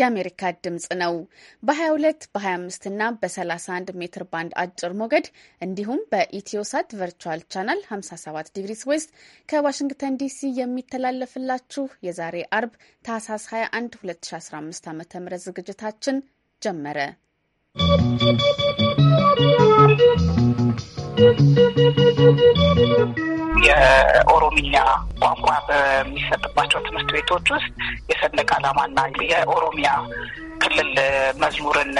የአሜሪካ ድምፅ ነው። በ22 በ25 እና በ31 ሜትር ባንድ አጭር ሞገድ እንዲሁም በኢትዮሳት ቨርቹዋል ቻናል 57 ዲግሪስ ዌስት ከዋሽንግተን ዲሲ የሚተላለፍላችሁ የዛሬ አርብ ታህሳስ 21 2015 ዓ ም ዝግጅታችን ጀመረ። ¶¶ የኦሮምኛ ቋንቋ በሚሰጥባቸው ትምህርት ቤቶች ውስጥ የሰንደቅ ዓላማና የኦሮሚያ ክልል መዝሙርን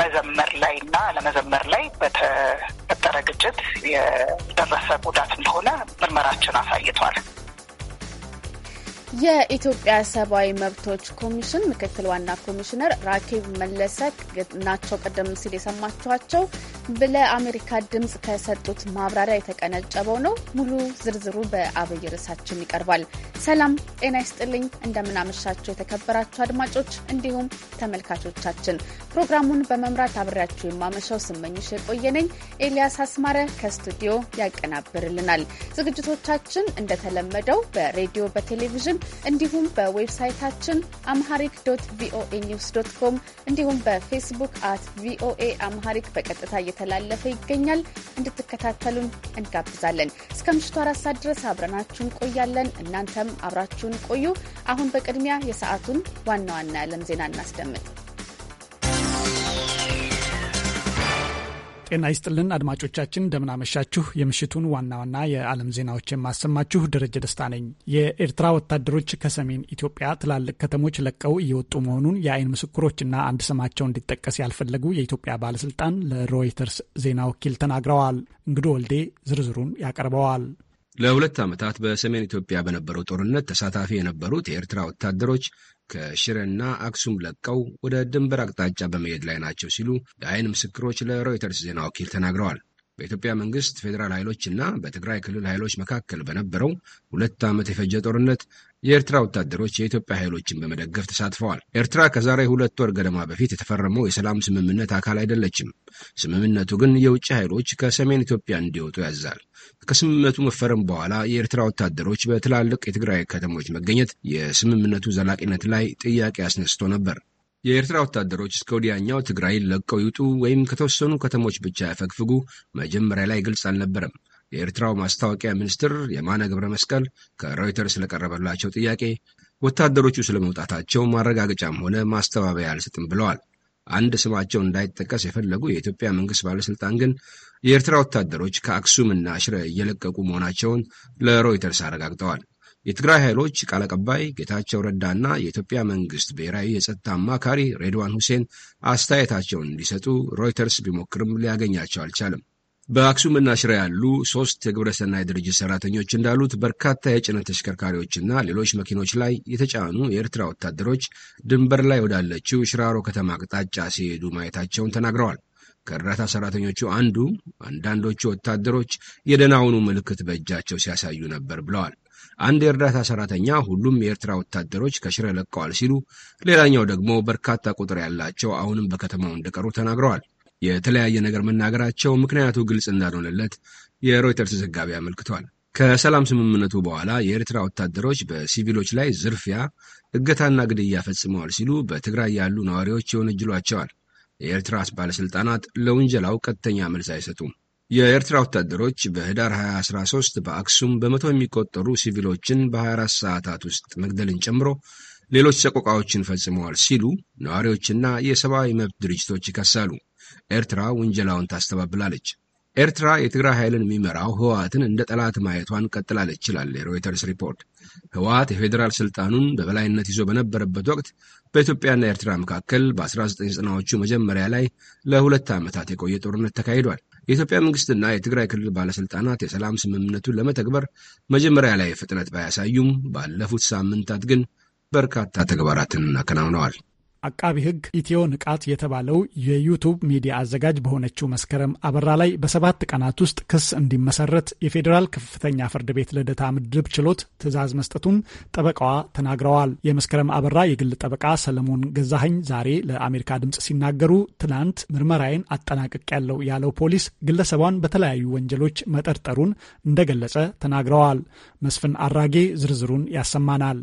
መዘመር ላይ እና ለመዘመር ላይ በተፈጠረ ግጭት የደረሰ ጉዳት እንደሆነ ምርመራችን አሳይቷል። የኢትዮጵያ ሰብአዊ መብቶች ኮሚሽን ምክትል ዋና ኮሚሽነር ራኬብ መለሰ ናቸው። ቀደም ሲል የሰማችኋቸው ለአሜሪካ ድምፅ ከሰጡት ማብራሪያ የተቀነጨበው ነው። ሙሉ ዝርዝሩ በአብይ ርዕሳችን ይቀርባል። ሰላም ጤና ይስጥልኝ። እንደምናመሻቸው የተከበራችሁ አድማጮች እንዲሁም ተመልካቾቻችን፣ ፕሮግራሙን በመምራት አብሬያችሁ የማመሻው ስመኝሽ የቆየ ነኝ። ኤልያስ አስማረ ከስቱዲዮ ያቀናብርልናል። ዝግጅቶቻችን እንደተለመደው በሬዲዮ በቴሌቪዥን እንዲሁም በዌብሳይታችን አምሃሪክ ዶት ቪኦኤ ኒውስ ዶት ኮም እንዲሁም በፌስቡክ አት ቪኦኤ አምሃሪክ በቀጥታ እየተላለፈ ይገኛል። እንድትከታተሉን እንጋብዛለን። እስከ ምሽቱ አራት ሰዓት ድረስ አብረናችሁ ቆያለን እናንተም አብራችሁን ቆዩ። አሁን በቅድሚያ የሰዓቱን ዋና ዋና የዓለም ዜና እናስደምጥ። ጤና ይስጥልን አድማጮቻችን፣ እንደምናመሻችሁ። የምሽቱን ዋና ዋና የዓለም ዜናዎች የማሰማችሁ ደረጀ ደስታ ነኝ። የኤርትራ ወታደሮች ከሰሜን ኢትዮጵያ ትላልቅ ከተሞች ለቀው እየወጡ መሆኑን የአይን ምስክሮችና አንድ ስማቸው እንዲጠቀስ ያልፈለጉ የኢትዮጵያ ባለስልጣን ለሮይተርስ ዜና ወኪል ተናግረዋል። እንግዶ ወልዴ ዝርዝሩን ያቀርበዋል። ለሁለት ዓመታት በሰሜን ኢትዮጵያ በነበረው ጦርነት ተሳታፊ የነበሩት የኤርትራ ወታደሮች ከሽረና አክሱም ለቀው ወደ ድንበር አቅጣጫ በመሄድ ላይ ናቸው ሲሉ የአይን ምስክሮች ለሮይተርስ ዜና ወኪል ተናግረዋል። በኢትዮጵያ መንግስት ፌዴራል ኃይሎች እና በትግራይ ክልል ኃይሎች መካከል በነበረው ሁለት ዓመት የፈጀ ጦርነት የኤርትራ ወታደሮች የኢትዮጵያ ኃይሎችን በመደገፍ ተሳትፈዋል። ኤርትራ ከዛሬ ሁለት ወር ገደማ በፊት የተፈረመው የሰላም ስምምነት አካል አይደለችም። ስምምነቱ ግን የውጭ ኃይሎች ከሰሜን ኢትዮጵያ እንዲወጡ ያዛል። ከስምምነቱ መፈረም በኋላ የኤርትራ ወታደሮች በትላልቅ የትግራይ ከተሞች መገኘት የስምምነቱ ዘላቂነት ላይ ጥያቄ አስነስቶ ነበር። የኤርትራ ወታደሮች እስከ ወዲያኛው ትግራይን ለቀው ይውጡ ወይም ከተወሰኑ ከተሞች ብቻ ያፈግፍጉ መጀመሪያ ላይ ግልጽ አልነበረም። የኤርትራው ማስታወቂያ ሚኒስትር የማነ ገብረ መስቀል ከሮይተርስ ለቀረበላቸው ጥያቄ ወታደሮቹ ስለመውጣታቸው ማረጋገጫም ሆነ ማስተባበያ አልሰጥም ብለዋል። አንድ ስማቸው እንዳይጠቀስ የፈለጉ የኢትዮጵያ መንግሥት ባለሥልጣን ግን የኤርትራ ወታደሮች ከአክሱም እና ሽረ እየለቀቁ መሆናቸውን ለሮይተርስ አረጋግጠዋል። የትግራይ ኃይሎች ቃል አቀባይ ጌታቸው ረዳና የኢትዮጵያ መንግሥት ብሔራዊ የጸጥታ አማካሪ ሬድዋን ሁሴን አስተያየታቸውን እንዲሰጡ ሮይተርስ ቢሞክርም ሊያገኛቸው አልቻለም። በአክሱምና ሽረ ያሉ ሶስት የግብረሰናይ ድርጅት ሰራተኞች እንዳሉት በርካታ የጭነት ተሽከርካሪዎችና ሌሎች መኪኖች ላይ የተጫኑ የኤርትራ ወታደሮች ድንበር ላይ ወዳለችው ሽራሮ ከተማ አቅጣጫ ሲሄዱ ማየታቸውን ተናግረዋል። ከእርዳታ ሰራተኞቹ አንዱ አንዳንዶቹ ወታደሮች የደናውኑ ምልክት በእጃቸው ሲያሳዩ ነበር ብለዋል። አንድ የእርዳታ ሰራተኛ ሁሉም የኤርትራ ወታደሮች ከሽረ ለቀዋል ሲሉ፣ ሌላኛው ደግሞ በርካታ ቁጥር ያላቸው አሁንም በከተማው እንደቀሩ ተናግረዋል። የተለያየ ነገር መናገራቸው ምክንያቱ ግልጽ እንዳልሆነለት የሮይተርስ ዘጋቢ አመልክቷል። ከሰላም ስምምነቱ በኋላ የኤርትራ ወታደሮች በሲቪሎች ላይ ዝርፊያ፣ እገታና ግድያ ፈጽመዋል ሲሉ በትግራይ ያሉ ነዋሪዎች ይወነጅሏቸዋል። የኤርትራ ባለሥልጣናት ለውንጀላው ቀጥተኛ መልስ አይሰጡም። የኤርትራ ወታደሮች በህዳር 2013 በአክሱም በመቶ የሚቆጠሩ ሲቪሎችን በ24 ሰዓታት ውስጥ መግደልን ጨምሮ ሌሎች ሰቆቃዎችን ፈጽመዋል ሲሉ ነዋሪዎችና የሰብአዊ መብት ድርጅቶች ይከሳሉ። ኤርትራ ውንጀላውን ታስተባብላለች። ኤርትራ የትግራይ ኃይልን የሚመራው ህወሓትን እንደ ጠላት ማየቷን ቀጥላለች ይላል የሮይተርስ ሪፖርት። ህወሓት የፌዴራል ስልጣኑን በበላይነት ይዞ በነበረበት ወቅት በኢትዮጵያና ኤርትራ መካከል በ1990ዎቹ መጀመሪያ ላይ ለሁለት ዓመታት የቆየ ጦርነት ተካሂዷል። የኢትዮጵያ መንግስትና የትግራይ ክልል ባለሥልጣናት የሰላም ስምምነቱን ለመተግበር መጀመሪያ ላይ ፍጥነት ባያሳዩም ባለፉት ሳምንታት ግን በርካታ ተግባራትን አከናውነዋል። አቃቢ ሕግ ኢትዮ ንቃት የተባለው የዩቱብ ሚዲያ አዘጋጅ በሆነችው መስከረም አበራ ላይ በሰባት ቀናት ውስጥ ክስ እንዲመሰረት የፌዴራል ከፍተኛ ፍርድ ቤት ልደታ ምድብ ችሎት ትዕዛዝ መስጠቱን ጠበቃዋ ተናግረዋል። የመስከረም አበራ የግል ጠበቃ ሰለሞን ገዛኸኝ ዛሬ ለአሜሪካ ድምፅ ሲናገሩ ትናንት ምርመራዬን አጠናቅቅ ያለው ያለው ፖሊስ ግለሰቧን በተለያዩ ወንጀሎች መጠርጠሩን እንደገለጸ ተናግረዋል። መስፍን አራጌ ዝርዝሩን ያሰማናል።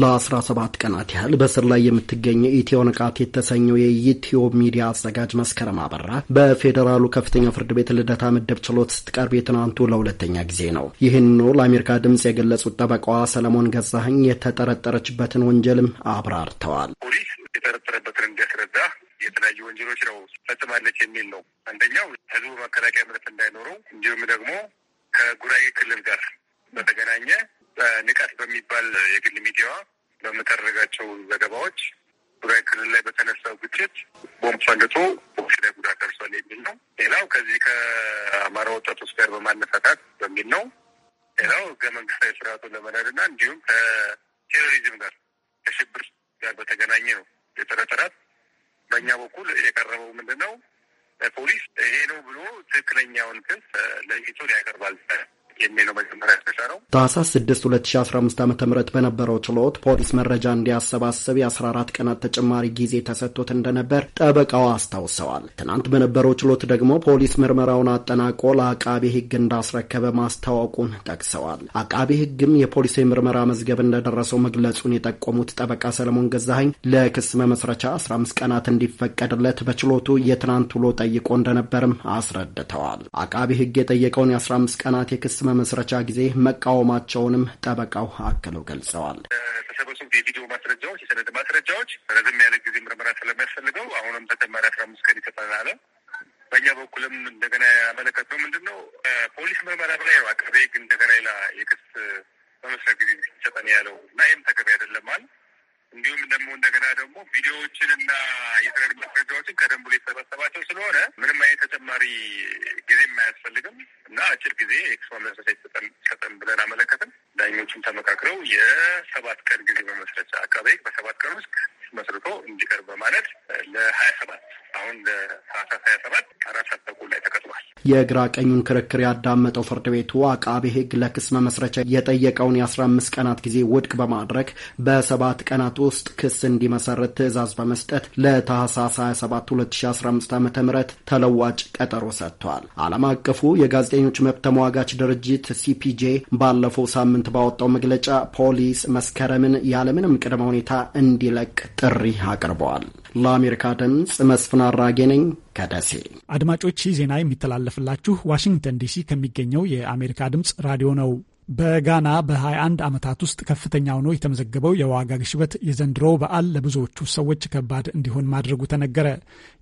ለ17 ቀናት ያህል በስር ላይ የምትገኘው ኢትዮ ንቃት የተሰኘው የኢትዮ ሚዲያ አዘጋጅ መስከረም አበራ በፌዴራሉ ከፍተኛ ፍርድ ቤት ልደታ ምድብ ችሎት ስትቀርብ የትናንቱ ለሁለተኛ ጊዜ ነው። ይህንኑ ለአሜሪካ ድምፅ የገለጹት ጠበቃዋ ሰለሞን ገዛህኝ የተጠረጠረችበትን ወንጀልም አብራርተዋል። ፖሊስ የጠረጠረበትን እንዲያስረዳ የተለያዩ ወንጀሎች ነው ፈጽማለች የሚል ነው። አንደኛው ህዝቡ መከላከያ ምረት እንዳይኖረው እንዲሁም ደግሞ ከጉራጌ ክልል ጋር በተገናኘ ንቃት በሚባል የግል ሚዲያዋ በምታደረጋቸው ዘገባዎች ትግራይ ክልል ላይ በተነሳው ግጭት ቦምብ ፈንድቶ ቦምሽ ላይ ጉዳት ደርሷል የሚል ነው። ሌላው ከዚህ ከአማራ ወጣቶች ጋር በማነሳታት በሚል ነው። ሌላው ህገ መንግስታዊ ስርዓቱን ለመዳድ እና እንዲሁም ከቴሮሪዝም ጋር ከሽብር ጋር በተገናኘ ነው የጠረጠራት። በእኛ በኩል የቀረበው ምንድን ነው? ፖሊስ ይሄ ነው ብሎ ትክክለኛውን ክስ ለይቶ ሊያቀርባል የሚለው መጀመሪያ የተሻለው ታህሳስ ስድስት ሁለት ሺ አስራ አምስት ዓመተ ምህረት በነበረው ችሎት ፖሊስ መረጃ እንዲያሰባስብ የአስራ አራት ቀናት ተጨማሪ ጊዜ ተሰጥቶት እንደነበር ጠበቃው አስታውሰዋል። ትናንት በነበረው ችሎት ደግሞ ፖሊስ ምርመራውን አጠናቆ ለአቃቤ ሕግ እንዳስረከበ ማስታወቁን ጠቅሰዋል። አቃቤ ሕግም የፖሊስ የምርመራ መዝገብ እንደደረሰው መግለጹን የጠቆሙት ጠበቃ ሰለሞን ገዛኸኝ ለክስ መመስረቻ አስራ አምስት ቀናት እንዲፈቀድለት በችሎቱ የትናንት ውሎ ጠይቆ እንደነበርም አስረድተዋል። አቃቤ ሕግ የጠየቀውን የአስራ አምስት ቀናት የክስ መመስረቻ ጊዜ መቃወማቸውንም ጠበቃው አክለው ገልጸዋል። የተሰበሰቡት የቪዲዮ ማስረጃዎች፣ የሰነድ ማስረጃዎች ረዘም ያለ ጊዜ ምርመራ ስለሚያስፈልገው አሁንም ተጨማሪ አስራ አምስት ቀን ይሰጠናል። በእኛ በኩልም እንደገና ያመለከት ነው ምንድን ነው ፖሊስ ምርመራ ብላይ ነው አቅርቤ እንደገና ሌላ የክስ መመስረት ጊዜ ሰጠን ያለው እና ይህም ተገቢ አይደለም አለ እንዲሁም ደግሞ እንደገና ደግሞ ቪዲዮዎችን እና የተለያዩ ማስረጃዎችን ከደንቡ ላይ የተሰበሰባቸው ስለሆነ ምንም አይነት ተጨማሪ ጊዜ አያስፈልግም እና አጭር ጊዜ ኤክስፖ መስረቻ ሰጠን ብለን አመለከትም። ዳኞችም ተመካክረው የሰባት ቀን ጊዜ በመስረቻ አቃቤ በሰባት ቀን ውስጥ መስርቶ እንዲቀርብ በማለት ለሀያ ሰባት አሁን ለሰዓታት ሀያ ሰባት አራት ሰዓት ላይ ተቀጥሏል። የግራ ቀኙን ክርክር ያዳመጠው ፍርድ ቤቱ አቃቤ ሕግ ለክስ መመስረቻ የጠየቀውን የአስራ አምስት ቀናት ጊዜ ውድቅ በማድረግ በሰባት ቀናት ውስጥ ክስ እንዲመሰረት ትዕዛዝ በመስጠት ለታህሳስ ሀያ ሰባት ሁለት ሺ አስራ አምስት ተለዋጭ ቀጠሮ ሰጥቷል። ዓለም አቀፉ የጋዜጠኞች መብት ተሟጋች ድርጅት ሲፒጄ ባለፈው ሳምንት ባወጣው መግለጫ ፖሊስ መስከረምን ያለምንም ቅድመ ሁኔታ እንዲለቅ ጥሪ አቅርበዋል። ለአሜሪካ ድምፅ መስፍን አራጌ ነኝ ከደሴ። አድማጮች ይህ ዜና የሚተላለፍላችሁ ዋሽንግተን ዲሲ ከሚገኘው የአሜሪካ ድምፅ ራዲዮ ነው። በጋና በ21 ዓመታት ውስጥ ከፍተኛ ሆኖ የተመዘገበው የዋጋ ግሽበት የዘንድሮ በዓል ለብዙዎቹ ሰዎች ከባድ እንዲሆን ማድረጉ ተነገረ።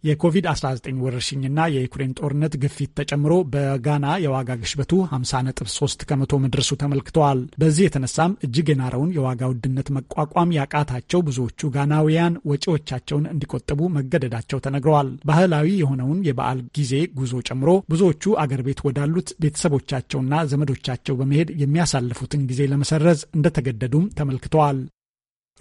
የኮቪድ-19 ወረርሽኝና የዩክሬን ጦርነት ግፊት ተጨምሮ በጋና የዋጋ ግሽበቱ 50.3 ከመቶ መድረሱ ተመልክተዋል። በዚህ የተነሳም እጅግ የናረውን የዋጋ ውድነት መቋቋም ያቃታቸው ብዙዎቹ ጋናውያን ወጪዎቻቸውን እንዲቆጠቡ መገደዳቸው ተነግረዋል። ባህላዊ የሆነውን የበዓል ጊዜ ጉዞ ጨምሮ ብዙዎቹ አገር ቤት ወዳሉት ቤተሰቦቻቸውና ዘመዶቻቸው በመሄድ የሚያሳልፉትን ጊዜ ለመሰረዝ እንደተገደዱም ተመልክተዋል።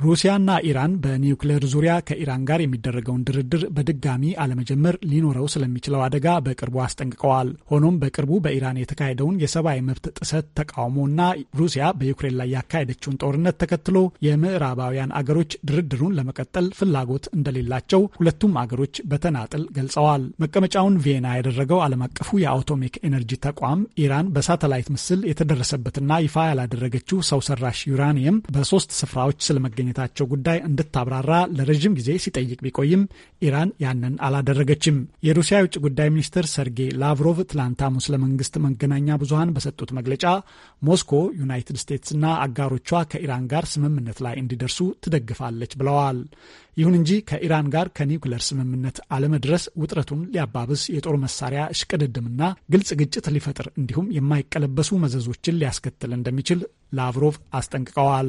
ሩሲያና ኢራን በኒውክሌር ዙሪያ ከኢራን ጋር የሚደረገውን ድርድር በድጋሚ አለመጀመር ሊኖረው ስለሚችለው አደጋ በቅርቡ አስጠንቅቀዋል። ሆኖም በቅርቡ በኢራን የተካሄደውን የሰብአዊ መብት ጥሰት ተቃውሞ እና ሩሲያ በዩክሬን ላይ ያካሄደችውን ጦርነት ተከትሎ የምዕራባውያን አገሮች ድርድሩን ለመቀጠል ፍላጎት እንደሌላቸው ሁለቱም አገሮች በተናጥል ገልጸዋል። መቀመጫውን ቪየና ያደረገው ዓለም አቀፉ የአውቶሚክ ኤነርጂ ተቋም ኢራን በሳተላይት ምስል የተደረሰበትና ይፋ ያላደረገችው ሰው ሰራሽ ዩራኒየም በሶስት ስፍራዎች ስለመገኘ የመገኘታቸው ጉዳይ እንድታብራራ ለረዥም ጊዜ ሲጠይቅ ቢቆይም ኢራን ያንን አላደረገችም። የሩሲያ የውጭ ጉዳይ ሚኒስትር ሰርጌይ ላቭሮቭ ትላንት ሐሙስ ለመንግስት መገናኛ ብዙኃን በሰጡት መግለጫ ሞስኮ ዩናይትድ ስቴትስና አጋሮቿ ከኢራን ጋር ስምምነት ላይ እንዲደርሱ ትደግፋለች ብለዋል። ይሁን እንጂ ከኢራን ጋር ከኒውክለር ስምምነት አለመድረስ ውጥረቱን ሊያባብስ የጦር መሳሪያ እሽቅድድምና ግልጽ ግጭት ሊፈጥር እንዲሁም የማይቀለበሱ መዘዞችን ሊያስከትል እንደሚችል ላቭሮቭ አስጠንቅቀዋል።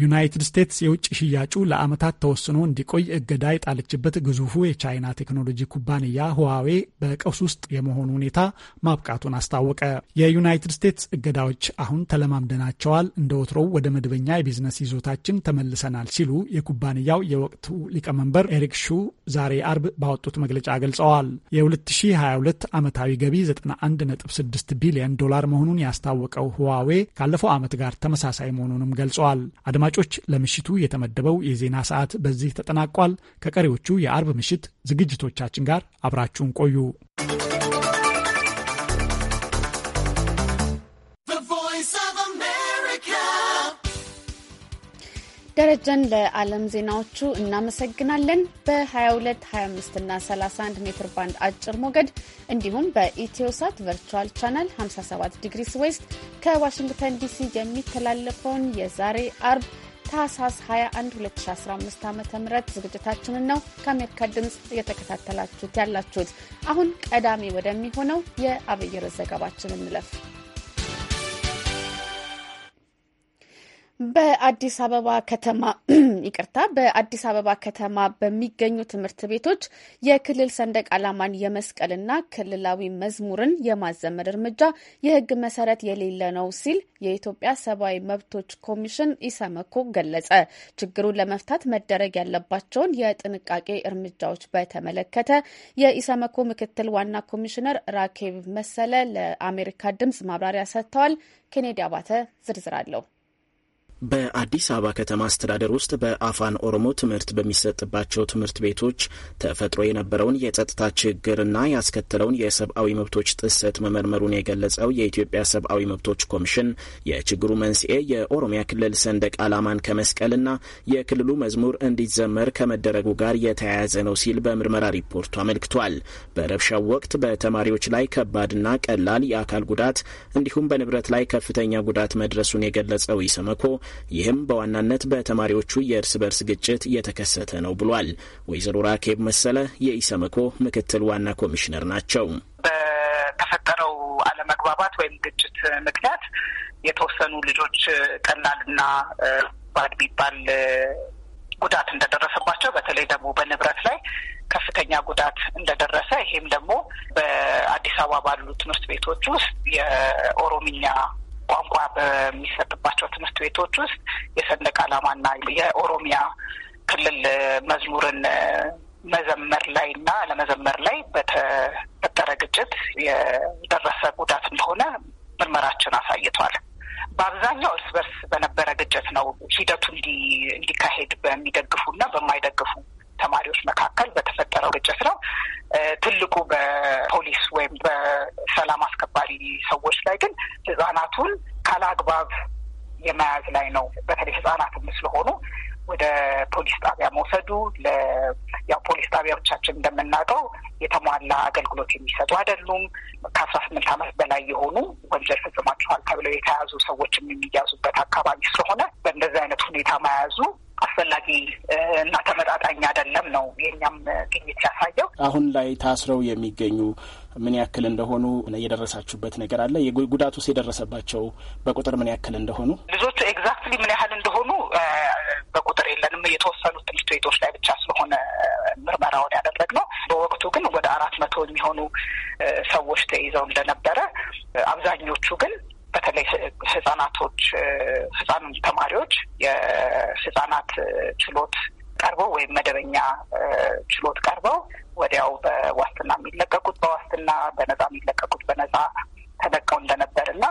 ዩናይትድ ስቴትስ የውጭ ሽያጩ ለዓመታት ተወስኖ እንዲቆይ እገዳ የጣለችበት ግዙፉ የቻይና ቴክኖሎጂ ኩባንያ ህዋዌ በቀውስ ውስጥ የመሆኑ ሁኔታ ማብቃቱን አስታወቀ። የዩናይትድ ስቴትስ እገዳዎች አሁን ተለማምደናቸዋል፣ እንደ ወትሮው ወደ መደበኛ የቢዝነስ ይዞታችን ተመልሰናል ሲሉ የኩባንያው የወቅቱ ሊቀመንበር ኤሪክ ሹ ዛሬ አርብ ባወጡት መግለጫ ገልጸዋል። የ2022 ዓመታዊ ገቢ 91.6 ቢሊዮን ዶላር መሆኑን ያስታወቀው ህዋዌ ካለፈው ዓመት ጋር ተመሳሳይ መሆኑንም ገልጸዋል። አድማጮች፣ ለምሽቱ የተመደበው የዜና ሰዓት በዚህ ተጠናቋል። ከቀሪዎቹ የአርብ ምሽት ዝግጅቶቻችን ጋር አብራችሁን ቆዩ። ደረጀን ለዓለም ዜናዎቹ እናመሰግናለን። በ22፣ 25 እና 31 ሜትር ባንድ አጭር ሞገድ እንዲሁም በኢትዮሳት ቨርቹዋል ቻናል 57 ዲግሪስ ዌስት ከዋሽንግተን ዲሲ የሚተላለፈውን የዛሬ አርብ ታህሳስ 21 2015 ዓ ም ዝግጅታችንን ነው ከአሜሪካ ድምፅ እየተከታተላችሁት ያላችሁት። አሁን ቀዳሚ ወደሚሆነው የአብይር ዘገባችን እንለፍ። በአዲስ አበባ ከተማ ይቅርታ፣ በአዲስ አበባ ከተማ በሚገኙ ትምህርት ቤቶች የክልል ሰንደቅ ዓላማን የመስቀልና ክልላዊ መዝሙርን የማዘመር እርምጃ የሕግ መሰረት የሌለ ነው ሲል የኢትዮጵያ ሰብአዊ መብቶች ኮሚሽን ኢሰመኮ ገለጸ። ችግሩን ለመፍታት መደረግ ያለባቸውን የጥንቃቄ እርምጃዎች በተመለከተ የኢሰመኮ ምክትል ዋና ኮሚሽነር ራኬብ መሰለ ለአሜሪካ ድምጽ ማብራሪያ ሰጥተዋል። ኬኔዲ አባተ ዝርዝር አለው። በአዲስ አበባ ከተማ አስተዳደር ውስጥ በአፋን ኦሮሞ ትምህርት በሚሰጥባቸው ትምህርት ቤቶች ተፈጥሮ የነበረውን የጸጥታ ችግርና ያስከተለውን የሰብአዊ መብቶች ጥሰት መመርመሩን የገለጸው የኢትዮጵያ ሰብአዊ መብቶች ኮሚሽን የችግሩ መንስኤ የኦሮሚያ ክልል ሰንደቅ ዓላማን ከመስቀልና የክልሉ መዝሙር እንዲዘመር ከመደረጉ ጋር የተያያዘ ነው ሲል በምርመራ ሪፖርቱ አመልክቷል። በረብሻው ወቅት በተማሪዎች ላይ ከባድና ቀላል የአካል ጉዳት እንዲሁም በንብረት ላይ ከፍተኛ ጉዳት መድረሱን የገለጸው ኢሰመኮ ይህም በዋናነት በተማሪዎቹ የእርስ በርስ ግጭት የተከሰተ ነው ብሏል። ወይዘሮ ራኬብ መሰለ የኢሰመኮ ምክትል ዋና ኮሚሽነር ናቸው። በተፈጠረው አለመግባባት ወይም ግጭት ምክንያት የተወሰኑ ልጆች ቀላልና ባድ ሚባል ጉዳት እንደደረሰባቸው በተለይ ደግሞ በንብረት ላይ ከፍተኛ ጉዳት እንደደረሰ ይሄም ደግሞ በአዲስ አበባ ባሉ ትምህርት ቤቶች ውስጥ የኦሮሚኛ ቋንቋ በሚሰጥባቸው ትምህርት ቤቶች ውስጥ የሰንደቅ ዓላማና የኦሮሚያ ክልል መዝሙርን መዘመር ላይ እና ለመዘመር ላይ በተፈጠረ ግጭት የደረሰ ጉዳት እንደሆነ ምርመራችን አሳይቷል። በአብዛኛው እርስ በርስ በነበረ ግጭት ነው ሂደቱ እንዲካሄድ በሚደግፉ እና በማይደግፉ ተማሪዎች መካከል በተፈጠረው ግጭት ነው። ትልቁ በፖሊስ ወይም በሰላም አስከባሪ ሰዎች ላይ ግን ህጻናቱን ካላግባብ የመያዝ ላይ ነው። በተለይ ህጻናትም ስለሆኑ ወደ ፖሊስ ጣቢያ መውሰዱ ያው ፖሊስ ጣቢያዎቻችን እንደምናውቀው የተሟላ አገልግሎት የሚሰጡ አይደሉም። ከአስራ ስምንት ዓመት በላይ የሆኑ ወንጀል ፈጽማችኋል ተብለው የተያዙ ሰዎችም የሚያዙበት አካባቢ ስለሆነ በእንደዚህ አይነት ሁኔታ መያዙ አስፈላጊ እና ተመጣጣኝ አይደለም ነው የኛም ግኝት ያሳየው። አሁን ላይ ታስረው የሚገኙ ምን ያክል እንደሆኑ የደረሳችሁበት ነገር አለ? ጉዳቱስ የደረሰባቸው በቁጥር ምን ያክል እንደሆኑ? ልጆቹ ኤግዛክትሊ ምን ያህል እንደሆኑ በቁጥር የለንም። የተወሰኑት ትምህርት ቤቶች ላይ ብቻ ስለሆነ ምርመራውን ያደረግነው። በወቅቱ ግን ወደ አራት መቶ የሚሆኑ ሰዎች ተይዘው እንደነበረ አብዛኞቹ ግን በተለይ ህጻናቶች ህጻን ተማሪዎች የህጻናት ችሎት ቀርበው ወይም መደበኛ ችሎት ቀርበው ወዲያው በዋስትና የሚለቀቁት በዋስትና በነፃ የሚለቀቁት በነፃ ተለቀው እንደነበር እና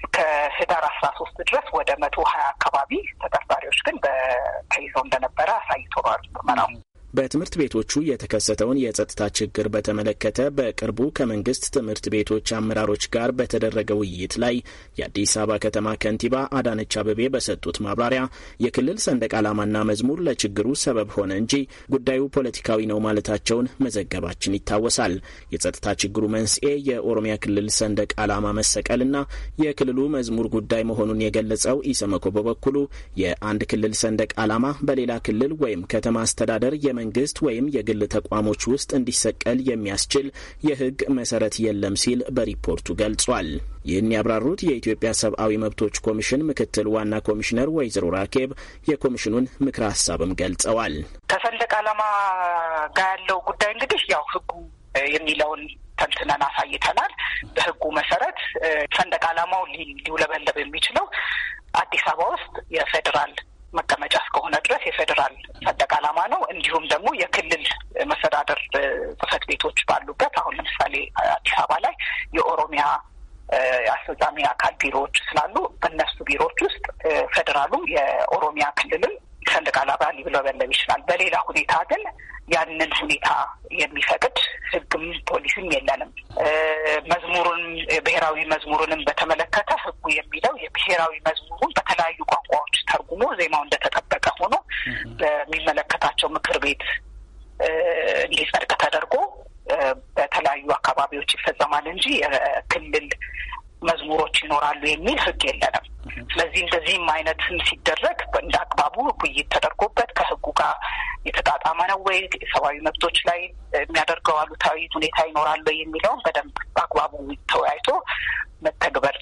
እስከ ህዳር አስራ ሶስት ድረስ ወደ መቶ ሀያ አካባቢ ተጠርጣሪዎች ግን በተይዘው እንደነበረ አሳይቶናል ምርመራው። በትምህርት ቤቶቹ የተከሰተውን የጸጥታ ችግር በተመለከተ በቅርቡ ከመንግስት ትምህርት ቤቶች አመራሮች ጋር በተደረገ ውይይት ላይ የአዲስ አበባ ከተማ ከንቲባ አዳነች አበቤ በሰጡት ማብራሪያ የክልል ሰንደቅ ዓላማና መዝሙር ለችግሩ ሰበብ ሆነ እንጂ ጉዳዩ ፖለቲካዊ ነው ማለታቸውን መዘገባችን ይታወሳል። የጸጥታ ችግሩ መንስኤ የኦሮሚያ ክልል ሰንደቅ ዓላማ መሰቀልና የክልሉ መዝሙር ጉዳይ መሆኑን የገለጸው ኢሰመኮ በበኩሉ የአንድ ክልል ሰንደቅ ዓላማ በሌላ ክልል ወይም ከተማ አስተዳደር የመ በመንግስት ወይም የግል ተቋሞች ውስጥ እንዲሰቀል የሚያስችል የህግ መሰረት የለም ሲል በሪፖርቱ ገልጿል። ይህን ያብራሩት የኢትዮጵያ ሰብአዊ መብቶች ኮሚሽን ምክትል ዋና ኮሚሽነር ወይዘሮ ራኬብ የኮሚሽኑን ምክረ ሀሳብም ገልጸዋል። ከሰንደቅ ዓላማ ጋር ያለው ጉዳይ እንግዲህ ያው ህጉ የሚለውን ተንትነን አሳይተናል። በህጉ መሰረት ሰንደቅ ዓላማው ሊውለበለብ የሚችለው አዲስ አበባ ውስጥ የፌዴራል መቀመጫ እስከሆነ ድረስ የፌዴራል ሰንደቅ ዓላማ ነው። እንዲሁም ደግሞ የክልል መስተዳደር ጽፈት ቤቶች ባሉበት አሁን ለምሳሌ አዲስ አበባ ላይ የኦሮሚያ አስፈጻሚ አካል ቢሮዎች ስላሉ በእነሱ ቢሮዎች ውስጥ ፌዴራሉም የኦሮሚያ ክልልም ሰንደቅ ዓላማ ሊውለበለብ ይችላል። በሌላ ሁኔታ ግን ያንን ሁኔታ የሚፈቅድ ህግም ፖሊስም የለንም። መዝሙሩን ብሔራዊ መዝሙሩንም በተመለከተ ህጉ የሚለው የብሔራዊ መዝሙሩን በተለያዩ ቋንቋዎች ተርጉሞ ዜማው እንደተጠበቀ ሆኖ በሚመለከታቸው ምክር ቤት እንዲጸድቅ ተደርጎ በተለያዩ አካባቢዎች ይፈጸማል እንጂ የክልል መዝሙሮች ይኖራሉ የሚል ህግ የለንም። ስለዚህ እንደዚህም አይነትም ሲደረግ እንደ አግባቡ ውይይት ተደርጎበት ከህጉ ጋር የተጣጣመ ነው ወይ፣ ሰብአዊ መብቶች ላይ የሚያደርገው አሉታዊ ሁኔታ ይኖራሉ የሚለውን በደንብ በአግባቡ ተወያይቶ መተግበር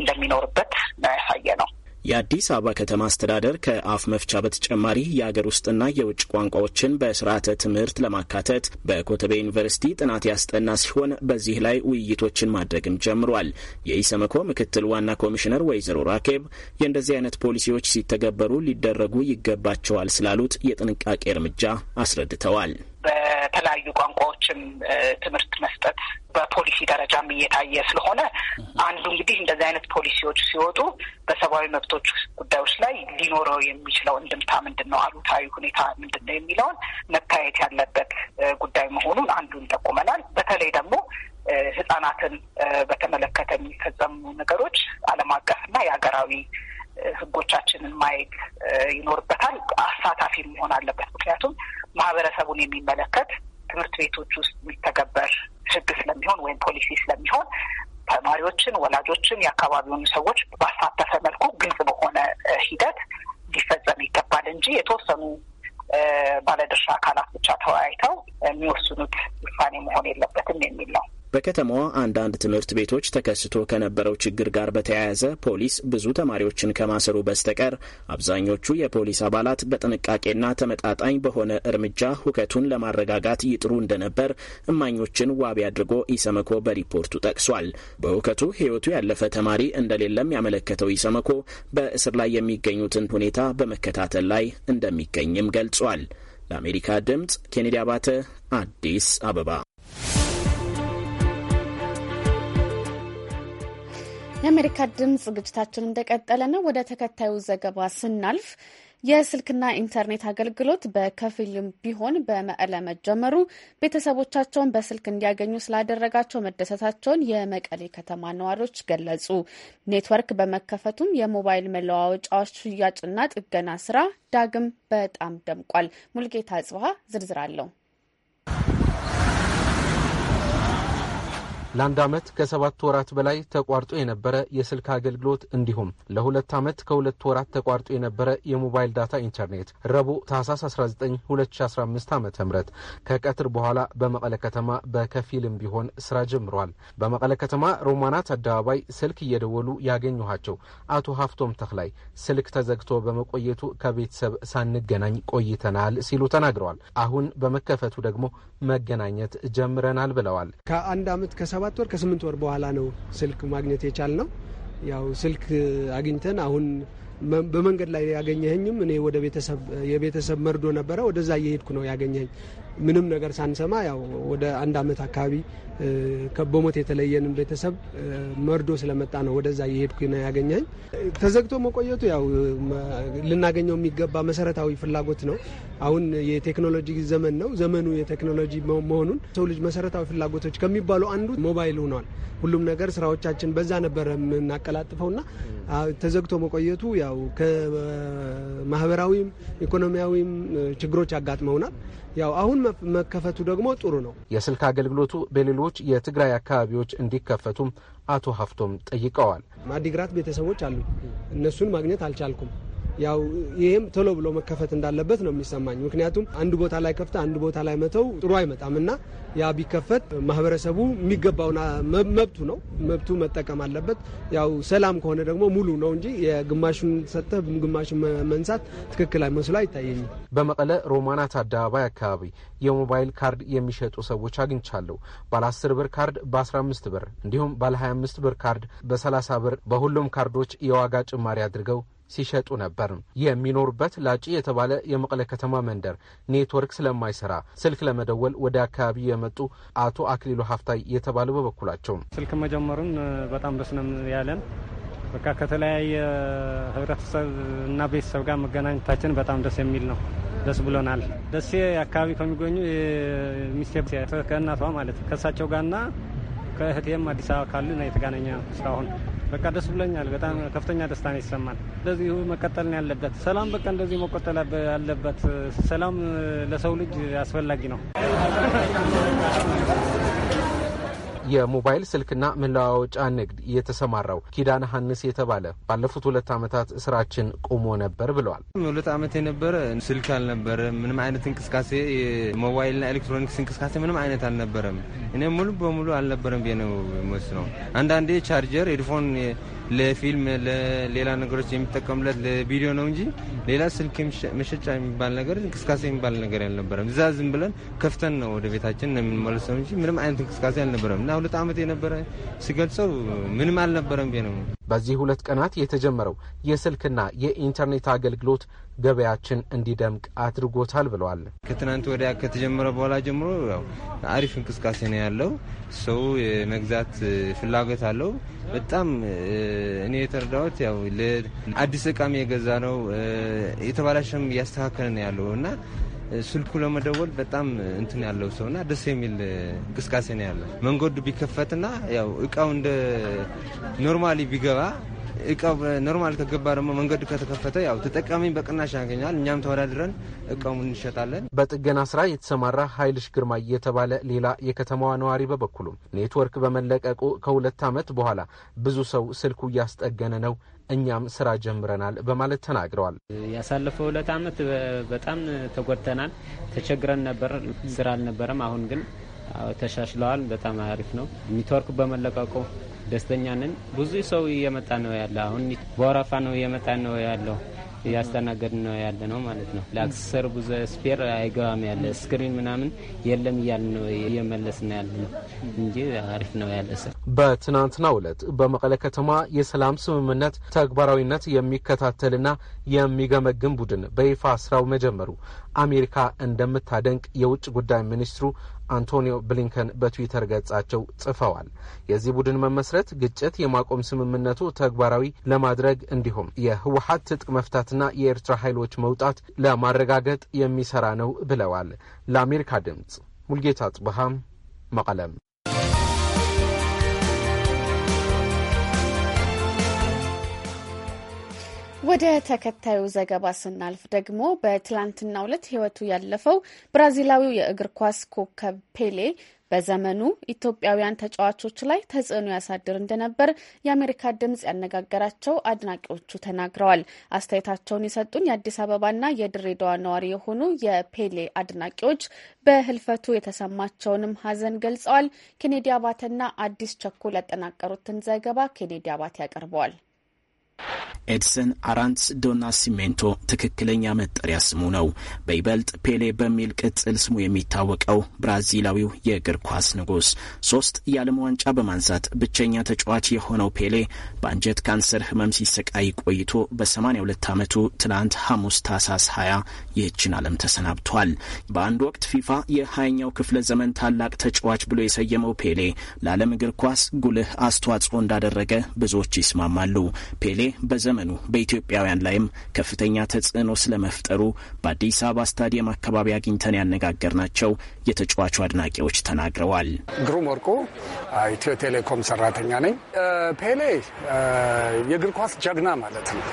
እንደሚኖርበት ነው ያሳየ ነው። የአዲስ አበባ ከተማ አስተዳደር ከአፍ መፍቻ በተጨማሪ የአገር ውስጥና የውጭ ቋንቋዎችን በስርዓተ ትምህርት ለማካተት በኮተቤ ዩኒቨርሲቲ ጥናት ያስጠና ሲሆን በዚህ ላይ ውይይቶችን ማድረግም ጀምሯል። የኢሰመኮ ምክትል ዋና ኮሚሽነር ወይዘሮ ራኬብ የእንደዚህ አይነት ፖሊሲዎች ሲተገበሩ ሊደረጉ ይገባቸዋል ስላሉት የጥንቃቄ እርምጃ አስረድተዋል። በተለያዩ ቋንቋዎችም ትምህርት መስጠት በፖሊሲ ደረጃም እየታየ ስለሆነ አንዱ እንግዲህ እንደዚህ አይነት ፖሊሲዎች ሲወጡ በሰብአዊ መብቶች ጉዳዮች ላይ ሊኖረው የሚችለው እንድምታ ምንድን ነው፣ አሉታዊ ሁኔታ ምንድን ነው የሚለውን መታየት ያለበት ጉዳይ መሆኑን አንዱን ጠቁመናል። በተለይ ደግሞ ህጻናትን በተመለከተ የሚፈጸሙ ነገሮች ዓለም አቀፍና የሀገራዊ ህጎቻችንን ማየት ይኖርበታል። አሳታፊ መሆን አለበት። ምክንያቱም ማህበረሰቡን የሚመለከት ትምህርት ቤቶች ውስጥ የሚተገበር ህግ ስለሚሆን ወይም ፖሊሲ ስለሚሆን ተማሪዎችን፣ ወላጆችን፣ የአካባቢውን ሰዎች ባሳተፈ መልኩ ግልጽ በሆነ ሂደት ሊፈጸም ይገባል እንጂ የተወሰኑ ባለድርሻ አካላት ብቻ ተወያይተው የሚወስኑት ውሳኔ መሆን የለበትም የሚል ነው። በከተማዋ አንዳንድ ትምህርት ቤቶች ተከስቶ ከነበረው ችግር ጋር በተያያዘ ፖሊስ ብዙ ተማሪዎችን ከማሰሩ በስተቀር አብዛኞቹ የፖሊስ አባላት በጥንቃቄና ተመጣጣኝ በሆነ እርምጃ ሁከቱን ለማረጋጋት ይጥሩ እንደነበር እማኞችን ዋቢ አድርጎ ኢሰመኮ በሪፖርቱ ጠቅሷል። በሁከቱ ሕይወቱ ያለፈ ተማሪ እንደሌለም ያመለከተው ኢሰመኮ በእስር ላይ የሚገኙትን ሁኔታ በመከታተል ላይ እንደሚገኝም ገልጿል። ለአሜሪካ ድምጽ ኬኔዲ አባተ አዲስ አበባ የአሜሪካ ድምፅ ዝግጅታችን እንደቀጠለ ነው። ወደ ተከታዩ ዘገባ ስናልፍ የስልክና ኢንተርኔት አገልግሎት በከፊልም ቢሆን በመቀለ መጀመሩ ቤተሰቦቻቸውን በስልክ እንዲያገኙ ስላደረጋቸው መደሰታቸውን የመቀሌ ከተማ ነዋሪዎች ገለጹ። ኔትወርክ በመከፈቱም የሞባይል መለዋወጫዎች ሽያጭና ጥገና ስራ ዳግም በጣም ደምቋል። ሙልጌታ ጽብሃ ዝርዝር አለው። ለአንድ ዓመት ከሰባት ወራት በላይ ተቋርጦ የነበረ የስልክ አገልግሎት እንዲሁም ለሁለት ዓመት ከሁለት ወራት ተቋርጦ የነበረ የሞባይል ዳታ ኢንተርኔት ረቡዕ ታህሳስ 19 2015 ዓ ም ከቀትር በኋላ በመቀለ ከተማ በከፊልም ቢሆን ስራ ጀምሯል። በመቀለ ከተማ ሮማናት አደባባይ ስልክ እየደወሉ ያገኘኋቸው አቶ ሀፍቶም ተክላይ ስልክ ተዘግቶ በመቆየቱ ከቤተሰብ ሳንገናኝ ቆይተናል ሲሉ ተናግረዋል። አሁን በመከፈቱ ደግሞ መገናኘት ጀምረናል ብለዋል። ከአንድ ዓመት ከሰባ ከሰባት ወር ከስምንት ወር በኋላ ነው ስልክ ማግኘት የቻል ነው። ያው ስልክ አግኝተን አሁን በመንገድ ላይ ያገኘህኝም እኔ ወደ ቤተሰብ የቤተሰብ መርዶ ነበረ፣ ወደዛ እየሄድኩ ነው ያገኘኝ። ምንም ነገር ሳንሰማ ያው ወደ አንድ አመት አካባቢ ከቦሞት የተለየንን ቤተሰብ መርዶ ስለመጣ ነው ወደዛ የሄድኩ ነው ያገኘኝ። ተዘግቶ መቆየቱ ያው ልናገኘው የሚገባ መሰረታዊ ፍላጎት ነው። አሁን የቴክኖሎጂ ዘመን ነው። ዘመኑ የቴክኖሎጂ መሆኑን ሰው ልጅ መሰረታዊ ፍላጎቶች ከሚባሉ አንዱ ሞባይል ሆኗል። ሁሉም ነገር ስራዎቻችን በዛ ነበረ ና ተዘግቶ መቆየቱ ያው ከማህበራዊም ኢኮኖሚያዊም ችግሮች አጋጥመውናል። ያው አሁን መከፈቱ ደግሞ ጥሩ ነው። የስልክ አገልግሎቱ በሌሎች የትግራይ አካባቢዎች እንዲከፈቱም አቶ ሀፍቶም ጠይቀዋል። ማዲግራት ቤተሰቦች አሉ። እነሱን ማግኘት አልቻልኩም። ያው ይህም ቶሎ ብሎ መከፈት እንዳለበት ነው የሚሰማኝ። ምክንያቱም አንድ ቦታ ላይ ከፍተ አንድ ቦታ ላይ መተው ጥሩ አይመጣም እና ያ ቢከፈት ማህበረሰቡ የሚገባው መብቱ ነው መብቱ መጠቀም አለበት። ያው ሰላም ከሆነ ደግሞ ሙሉ ነው እንጂ የግማሹን ሰጥተህ ግማሹን መንሳት ትክክል አይመስሉ አይታየኝም። በመቀለ ሮማናት አደባባይ አካባቢ የሞባይል ካርድ የሚሸጡ ሰዎች አግኝቻለሁ። ባለ 10 ብር ካርድ በ15 ብር እንዲሁም ባለ 25 ብር ካርድ በ30 ብር በሁሉም ካርዶች የዋጋ ጭማሪ አድርገው ሲሸጡ ነበር። የሚኖሩበት ላጪ የተባለ የመቀለ ከተማ መንደር ኔትወርክ ስለማይሰራ ስልክ ለመደወል ወደ አካባቢ የመጡ አቶ አክሊሉ ሀፍታይ የተባሉ በበኩላቸው ስልክ መጀመሩን በጣም ደስ ነው ያለን። በቃ ከተለያየ ህብረተሰብ እና ቤተሰብ ጋር መገናኘታችን በጣም ደስ የሚል ነው። ደስ ብሎናል። ደሴ አካባቢ ከሚገኙ ሚስቴ ከእናቷ ማለት ከእሳቸው ጋርና ከእህቴም አዲስ አበባ ካሉ ነው የተገናኘ እስካሁን በቃ ደስ ብለኛል። በጣም ከፍተኛ ደስታ ነው ይሰማል። እንደዚሁ መቀጠል ነው ያለበት። ሰላም በቃ እንደዚህ መቆጠል ያለበት። ሰላም ለሰው ልጅ አስፈላጊ ነው። የሞባይል ስልክና መለዋወጫ ንግድ የተሰማራው ኪዳነ ሀንስ የተባለ ባለፉት ሁለት ዓመታት ስራችን ቆሞ ነበር ብለዋል። ሁለት ዓመት የነበረ ስልክ አልነበረ፣ ምንም አይነት እንቅስቃሴ ሞባይልና ኤሌክትሮኒክስ እንቅስቃሴ ምንም አይነት አልነበረም። እኔ ሙሉ በሙሉ አልነበረም ብዬ ነው አንዳንዴ ቻርጀር ሄድፎን ለፊልም ለሌላ ነገሮች የሚጠቀሙለት ለቪዲዮ ነው እንጂ ሌላ ስልክ መሸጫ የሚባል ነገር እንቅስቃሴ የሚባል ነገር አልነበረም። እዛ ዝም ብለን ከፍተን ነው ወደ ቤታችን የምንመለሰው እንጂ ምንም አይነት እንቅስቃሴ አልነበረም እና ሁለት ዓመት የነበረ ሲገልጸው ምንም አልነበረም ነው። በዚህ ሁለት ቀናት የተጀመረው የስልክና የኢንተርኔት አገልግሎት ገበያችን እንዲደምቅ አድርጎታል ብለዋል። ከትናንት ወዲያ ከተጀመረ በኋላ ጀምሮ አሪፍ እንቅስቃሴ ነው ያለው። ሰው የመግዛት ፍላጎት አለው። በጣም እኔ የተረዳሁት ያው አዲስ እቃም የገዛ ነው የተባላሸም እያስተካከለ ነው ያለው እና ስልኩ ለመደወል በጣም እንትን ያለው ሰውና ደስ የሚል እንቅስቃሴ ነው ያለው። መንገዱ ቢከፈትና ያው እቃው እንደ ኖርማሊ ቢገባ እቃው ኖርማል ከገባ ደግሞ መንገዱ ከተከፈተ ያው ተጠቃሚ በቅናሽ ያገኛል። እኛም ተወዳድረን እቃውም እንሸጣለን። በጥገና ስራ የተሰማራ ሀይልሽ ግርማ የተባለ ሌላ የከተማዋ ነዋሪ በበኩሉ ኔትወርክ በመለቀቁ ከሁለት ዓመት በኋላ ብዙ ሰው ስልኩ እያስጠገነ ነው እኛም ስራ ጀምረናል በማለት ተናግረዋል። ያሳለፈው ሁለት አመት በጣም ተጎድተናል፣ ተቸግረን ነበር። ስራ አልነበረም። አሁን ግን ተሻሽለዋል። በጣም አሪፍ ነው። ኔትወርክ በመለቀቁ ደስተኛ ነን። ብዙ ሰው እየመጣ ነው ያለ። አሁን በወረፋ ነው እየመጣ ነው ያለው። እያስተናገድ ነው ያለ ነው ማለት ነው። ለአክሰሰር ብዙ ስፔር አይገባም ያለ ስክሪን ምናምን የለም እያል ነው እየመለስ ነው ያለ ነው እንጂ አሪፍ ነው ያለ ስር። በትናንትና ዕለት በመቀለ ከተማ የሰላም ስምምነት ተግባራዊነት የሚከታተልና የሚገመግም ቡድን በይፋ ስራው መጀመሩ አሜሪካ እንደምታደንቅ የውጭ ጉዳይ ሚኒስትሩ አንቶኒዮ ብሊንከን በትዊተር ገጻቸው ጽፈዋል። የዚህ ቡድን መመስረት ግጭት የማቆም ስምምነቱ ተግባራዊ ለማድረግ እንዲሁም የህወሀት ትጥቅ መፍታትና የኤርትራ ኃይሎች መውጣት ለማረጋገጥ የሚሰራ ነው ብለዋል። ለአሜሪካ ድምፅ ሙልጌታ ጽብሃም መቀለም ወደ ተከታዩ ዘገባ ስናልፍ ደግሞ በትላንትናው ዕለት ህይወቱ ያለፈው ብራዚላዊው የእግር ኳስ ኮከብ ፔሌ በዘመኑ ኢትዮጵያውያን ተጫዋቾች ላይ ተጽዕኖ ያሳድር እንደነበር የአሜሪካ ድምጽ ያነጋገራቸው አድናቂዎቹ ተናግረዋል። አስተያየታቸውን የሰጡን የአዲስ አበባና የድሬዳዋ ነዋሪ የሆኑ የፔሌ አድናቂዎች በህልፈቱ የተሰማቸውንም ሀዘን ገልጸዋል። ኬኔዲ አባተና አዲስ ቸኮል ያጠናቀሩትን ዘገባ ኬኔዲ አባት ያቀርበዋል። ኤድሰን አራንትስ ዶና ሲሜንቶ ትክክለኛ መጠሪያ ስሙ ነው። በይበልጥ ፔሌ በሚል ቅጽል ስሙ የሚታወቀው ብራዚላዊው የእግር ኳስ ንጉስ ሶስት የዓለም ዋንጫ በማንሳት ብቸኛ ተጫዋች የሆነው ፔሌ በአንጀት ካንሰር ህመም ሲሰቃይ ቆይቶ በ82 ዓመቱ ትናንት ሐሙስ ታሳስ 20 ይህችን ዓለም ተሰናብቷል። በአንድ ወቅት ፊፋ የ የ20ኛው ክፍለ ዘመን ታላቅ ተጫዋች ብሎ የሰየመው ፔሌ ለዓለም እግር ኳስ ጉልህ አስተዋጽኦ እንዳደረገ ብዙዎች ይስማማሉ። ፔሌ በዘመ ዘመኑ በኢትዮጵያውያን ላይም ከፍተኛ ተጽዕኖ ስለመፍጠሩ በአዲስ አበባ ስታዲየም አካባቢ አግኝተን ያነጋገርናቸው የተጫዋቹ አድናቂዎች ተናግረዋል። ግሩም ወርቁ ኢትዮ ቴሌኮም ሰራተኛ ነኝ። ፔሌ የእግር ኳስ ጀግና ማለት ነው።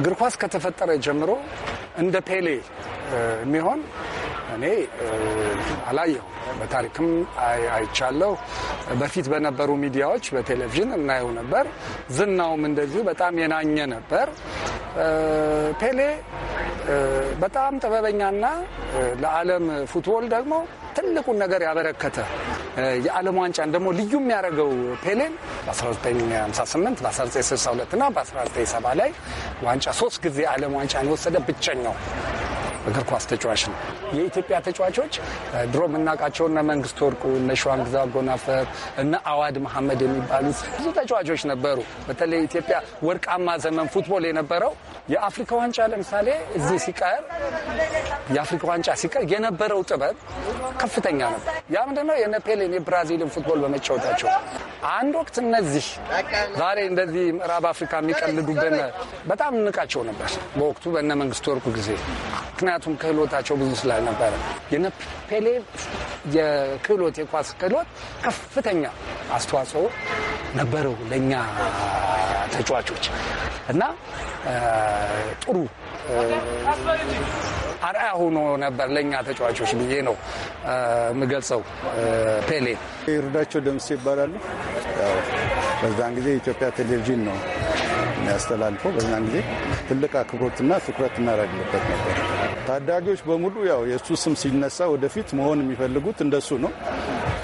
እግር ኳስ ከተፈጠረ ጀምሮ እንደ ፔሌ የሚሆን እኔ አላየሁም። በታሪክም አይቻለሁ። በፊት በነበሩ ሚዲያዎች በቴሌቪዥን እናየው ነበር። ዝናውም እንደዚሁ በጣም የናኘ ነበር። ፔሌ በጣም ጥበበኛና ለዓለም ፉትቦል ደግሞ ትልቁን ነገር ያበረከተ የዓለም ዋንጫን ደግሞ ልዩ የሚያደርገው ፔሌን በ1958 በ1962 እና በ1970 ላይ ዋንጫ ሶስት ጊዜ ዓለም ዋንጫን የወሰደ ብቸኛው እግር ኳስ ተጫዋች ነው። የኢትዮጵያ ተጫዋቾች ድሮ የምናውቃቸው እነ መንግስት ወርቁ፣ እነ ሸዋንግዛ ጎናፈር፣ እነ አዋድ መሐመድ የሚባሉት ብዙ ተጫዋቾች ነበሩ። በተለይ ኢትዮጵያ ወርቃማ ዘመን ፉትቦል የነበረው የአፍሪካ ዋንጫ ለምሳሌ እዚህ ሲቀር የአፍሪካ ዋንጫ ሲቀር የነበረው ጥበብ ከፍተኛ ነበር። ያ ምንድነው የነ ፔሌን የብራዚልን ፉትቦል በመጫወታቸው አንድ ወቅት እነዚህ ዛሬ እንደዚህ ምዕራብ አፍሪካ የሚቀልዱብን በጣም እንቃቸው ነበር። በወቅቱ በነ መንግስት ወርቁ ጊዜ ምክንያቱም ክህሎታቸው ብዙ ስላልነበረ የነ ፔሌ የክህሎት የኳስ ክህሎት ከፍተኛ አስተዋጽኦ ነበረው ለእኛ ተጫዋቾች እና ጥሩ አርአያ ሆኖ ነበር ለእኛ ተጫዋቾች ብዬ ነው የምገልጸው። ፔሌ ይርዳቸው ደምስ ይባላሉ። በዛን ጊዜ የኢትዮጵያ ቴሌቪዥን ነው የሚያስተላልፈው። በዛን ጊዜ ትልቅ አክብሮትና ትኩረት እናደርግበት ነበር። ታዳጊዎች በሙሉ ያው የእሱ ስም ሲነሳ ወደፊት መሆን የሚፈልጉት እንደሱ ነው።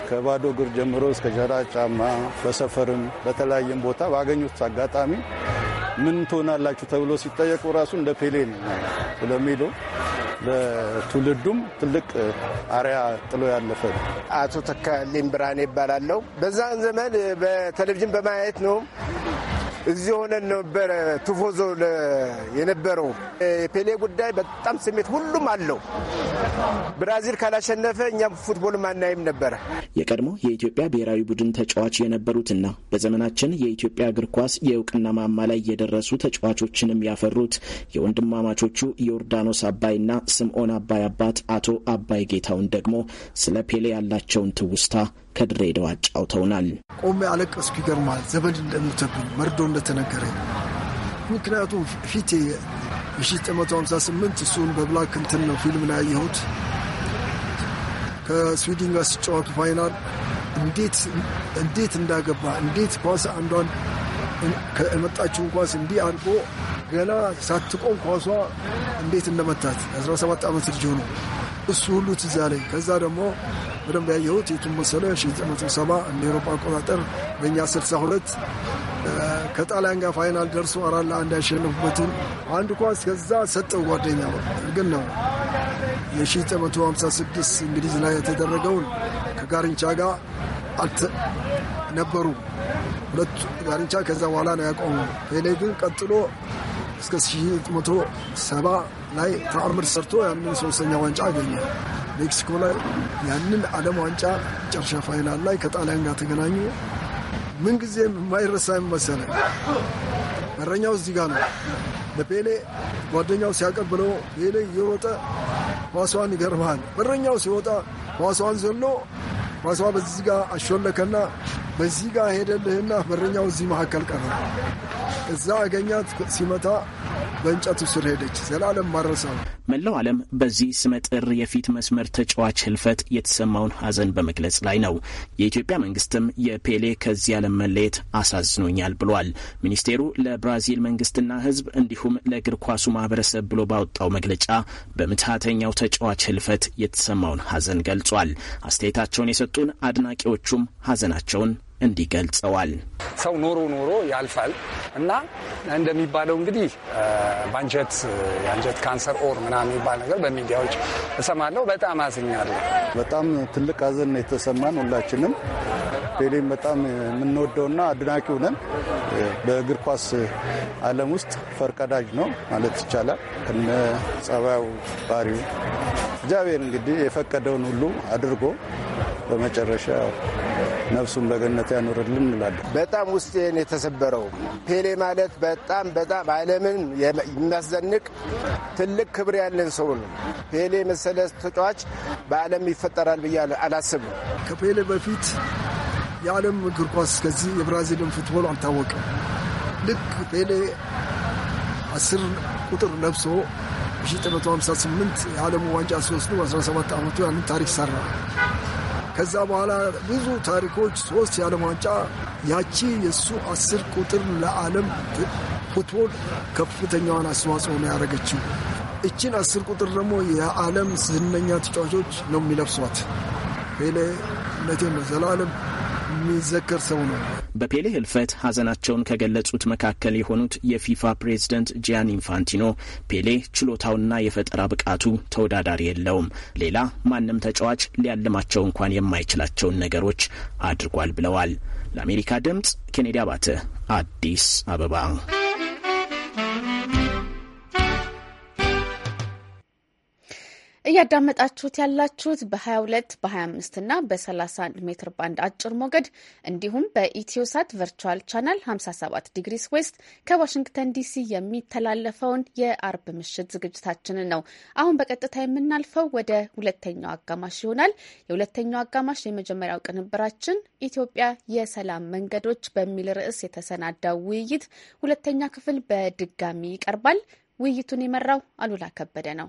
ከባዶ እግር ጀምሮ እስከ ሸራ ጫማ፣ በሰፈርም በተለያየም ቦታ ባገኙት አጋጣሚ ምን ትሆናላችሁ ተብሎ ሲጠየቁ ራሱ እንደ ፔሌ ስለሚለው ለትውልዱም ትልቅ አሪያ ጥሎ ያለፈ ነው። አቶ ተካሊም ብርሃኔ ይባላለው። በዛን ዘመን በቴሌቪዥን በማየት ነው እዚህ ሆነን ነበረ ትፎዞ የነበረው። የፔሌ ጉዳይ በጣም ስሜት ሁሉም አለው። ብራዚል ካላሸነፈ እኛም ፉትቦል ማናይም ነበረ። የቀድሞ የኢትዮጵያ ብሔራዊ ቡድን ተጫዋች የነበሩትና በዘመናችን የኢትዮጵያ እግር ኳስ የእውቅና ማማ ላይ የደረሱ ተጫዋቾችንም ያፈሩት የወንድማማቾቹ ዮርዳኖስ አባይና ስምዖን አባይ አባት አቶ አባይ ጌታውን ደግሞ ስለ ፔሌ ያላቸውን ትውስታ ከድሬዳዋ ጫውተውናል። ቆሜ አለቀስኩ። ይገርማል። ዘመድ እንደሞተብኝ መርዶ እንደተነገረ ምክንያቱም ፊቴ የ1958 እሱን በብላክ እንትን ነው ፊልም ላይ ያየሁት ከስዊድን ጋር ሲጫወቱ ፋይናል እንዴት እንዳገባ እንዴት ኳስ አንዷን የመጣችውን ኳስ እንዲህ አድርጎ ገና ሳትቆም ኳሷ እንዴት እንደመታት 17 ዓመት ልጅ ሆኖ? እሱ ሁሉ ትዝ ያለኝ። ከዛ ደግሞ በደንብ ያየሁት የቱን መሰለ 97 እንደ ኤሮፓ አቆጣጠር በእኛ 62 ከጣሊያን ጋር ፋይናል ደርሶ አራት ለአንድ ያሸነፉበትን አንድ ኳስ ከዛ ሰጠው ጓደኛ ግን ነው የ1956 እንግሊዝ ላይ የተደረገውን ከጋርንቻ ጋር ነበሩ ሁለቱ ጋርንቻ ከዛ በኋላ ነው ያቆሙ ፔሌ ግን ቀጥሎ እስከ ሰባ ላይ ተአምር ሰርቶ ያንን ሶስተኛ ዋንጫ አገኘ። ሜክሲኮ ላይ ያንን ዓለም ዋንጫ መጨረሻ ፋይናል ላይ ከጣሊያን ጋር ተገናኙ። ምንጊዜም የማይረሳ መሰለ። በረኛው እዚህ ጋር ነው። ለፔሌ ጓደኛው ሲያቀብለው ፔሌ እየሮጠ ኳሷን ይገርመሃል። በረኛው ሲወጣ ኳሷን ዘሎ ኳሷ በዚህ ጋር አሾለከና በዚህ ጋር ሄደልህና በረኛው እዚህ መካከል ቀረ። እዛ አገኛት ሲመታ በእንጨቱ ስር ሄደች። ዘላለም ማረሰው መላው ዓለም በዚህ ስመጥር የፊት መስመር ተጫዋች ህልፈት የተሰማውን ሐዘን በመግለጽ ላይ ነው። የኢትዮጵያ መንግስትም የፔሌ ከዚህ ዓለም መለየት አሳዝኖኛል ብሏል። ሚኒስቴሩ ለብራዚል መንግስትና ህዝብ እንዲሁም ለእግር ኳሱ ማህበረሰብ ብሎ ባወጣው መግለጫ በምትሃተኛው ተጫዋች ህልፈት የተሰማውን ሐዘን ገልጿል። አስተያየታቸውን የሰጡ መምጣቱን አድናቂዎቹም ሀዘናቸውን እንዲህ ገልጸዋል። ሰው ኖሮ ኖሮ ያልፋል እና እንደሚባለው እንግዲህ በአንጀት የአንጀት ካንሰር ኦር ምናምን የሚባል ነገር በሚዲያዎች እሰማለሁ። በጣም አዝኛለሁ። በጣም ትልቅ ሀዘን ነው የተሰማን ሁላችንም። ፔሌን በጣም የምንወደውና አድናቂው ነን። በእግር ኳስ ዓለም ውስጥ ፈርቀዳጅ ነው ማለት ይቻላል። ከነ ጸባዩ፣ ባህሪው እግዚአብሔር እንግዲህ የፈቀደውን ሁሉ አድርጎ በመጨረሻ ነፍሱን በገነት ያኖርልን እንላለን። በጣም ውስጤን የተሰበረው ፔሌ ማለት በጣም በጣም ዓለምን የሚያስዘንቅ ትልቅ ክብር ያለን ሰው ነው። ፔሌ መሰለ ተጫዋች በዓለም ይፈጠራል ብዬ አላስብም። ከፔሌ በፊት የዓለም እግር ኳስ እስከዚህ የብራዚልን ፉትቦል አልታወቅም። ልክ ፔሌ አስር ቁጥር ለብሶ 1958 የዓለሙ ዋንጫ ሲወስዱ 17 ዓመቱ ያንን ታሪክ ሰራ። ከዛ በኋላ ብዙ ታሪኮች ሶስት የዓለም ዋንጫ ያቺ የእሱ አስር ቁጥር ለዓለም ፉትቦል ከፍተኛዋን አስተዋጽኦ ነው ያደረገችው። እችን አስር ቁጥር ደግሞ የዓለም ዝነኛ ተጫዋቾች ነው የሚለብሷት ፔሌ ነቴ ዘላለም የሚዘከር ሰው ነው። በፔሌ ህልፈት ሀዘናቸውን ከገለጹት መካከል የሆኑት የፊፋ ፕሬዝደንት ጂያን ኢንፋንቲኖ ፔሌ ችሎታውና የፈጠራ ብቃቱ ተወዳዳሪ የለውም፣ ሌላ ማንም ተጫዋች ሊያልማቸው እንኳን የማይችላቸውን ነገሮች አድርጓል ብለዋል። ለአሜሪካ ድምጽ ኬኔዲ አባተ አዲስ አበባ እያዳመጣችሁት ያላችሁት በ22 በ25 እና በ31 ሜትር ባንድ አጭር ሞገድ እንዲሁም በኢትዮሳት ቨርቹዋል ቻናል 57 ዲግሪስ ዌስት ከዋሽንግተን ዲሲ የሚተላለፈውን የአርብ ምሽት ዝግጅታችንን ነው። አሁን በቀጥታ የምናልፈው ወደ ሁለተኛው አጋማሽ ይሆናል። የሁለተኛው አጋማሽ የመጀመሪያው ቅንብራችን ኢትዮጵያ የሰላም መንገዶች በሚል ርዕስ የተሰናዳው ውይይት ሁለተኛ ክፍል በድጋሚ ይቀርባል። ውይይቱን የመራው አሉላ ከበደ ነው።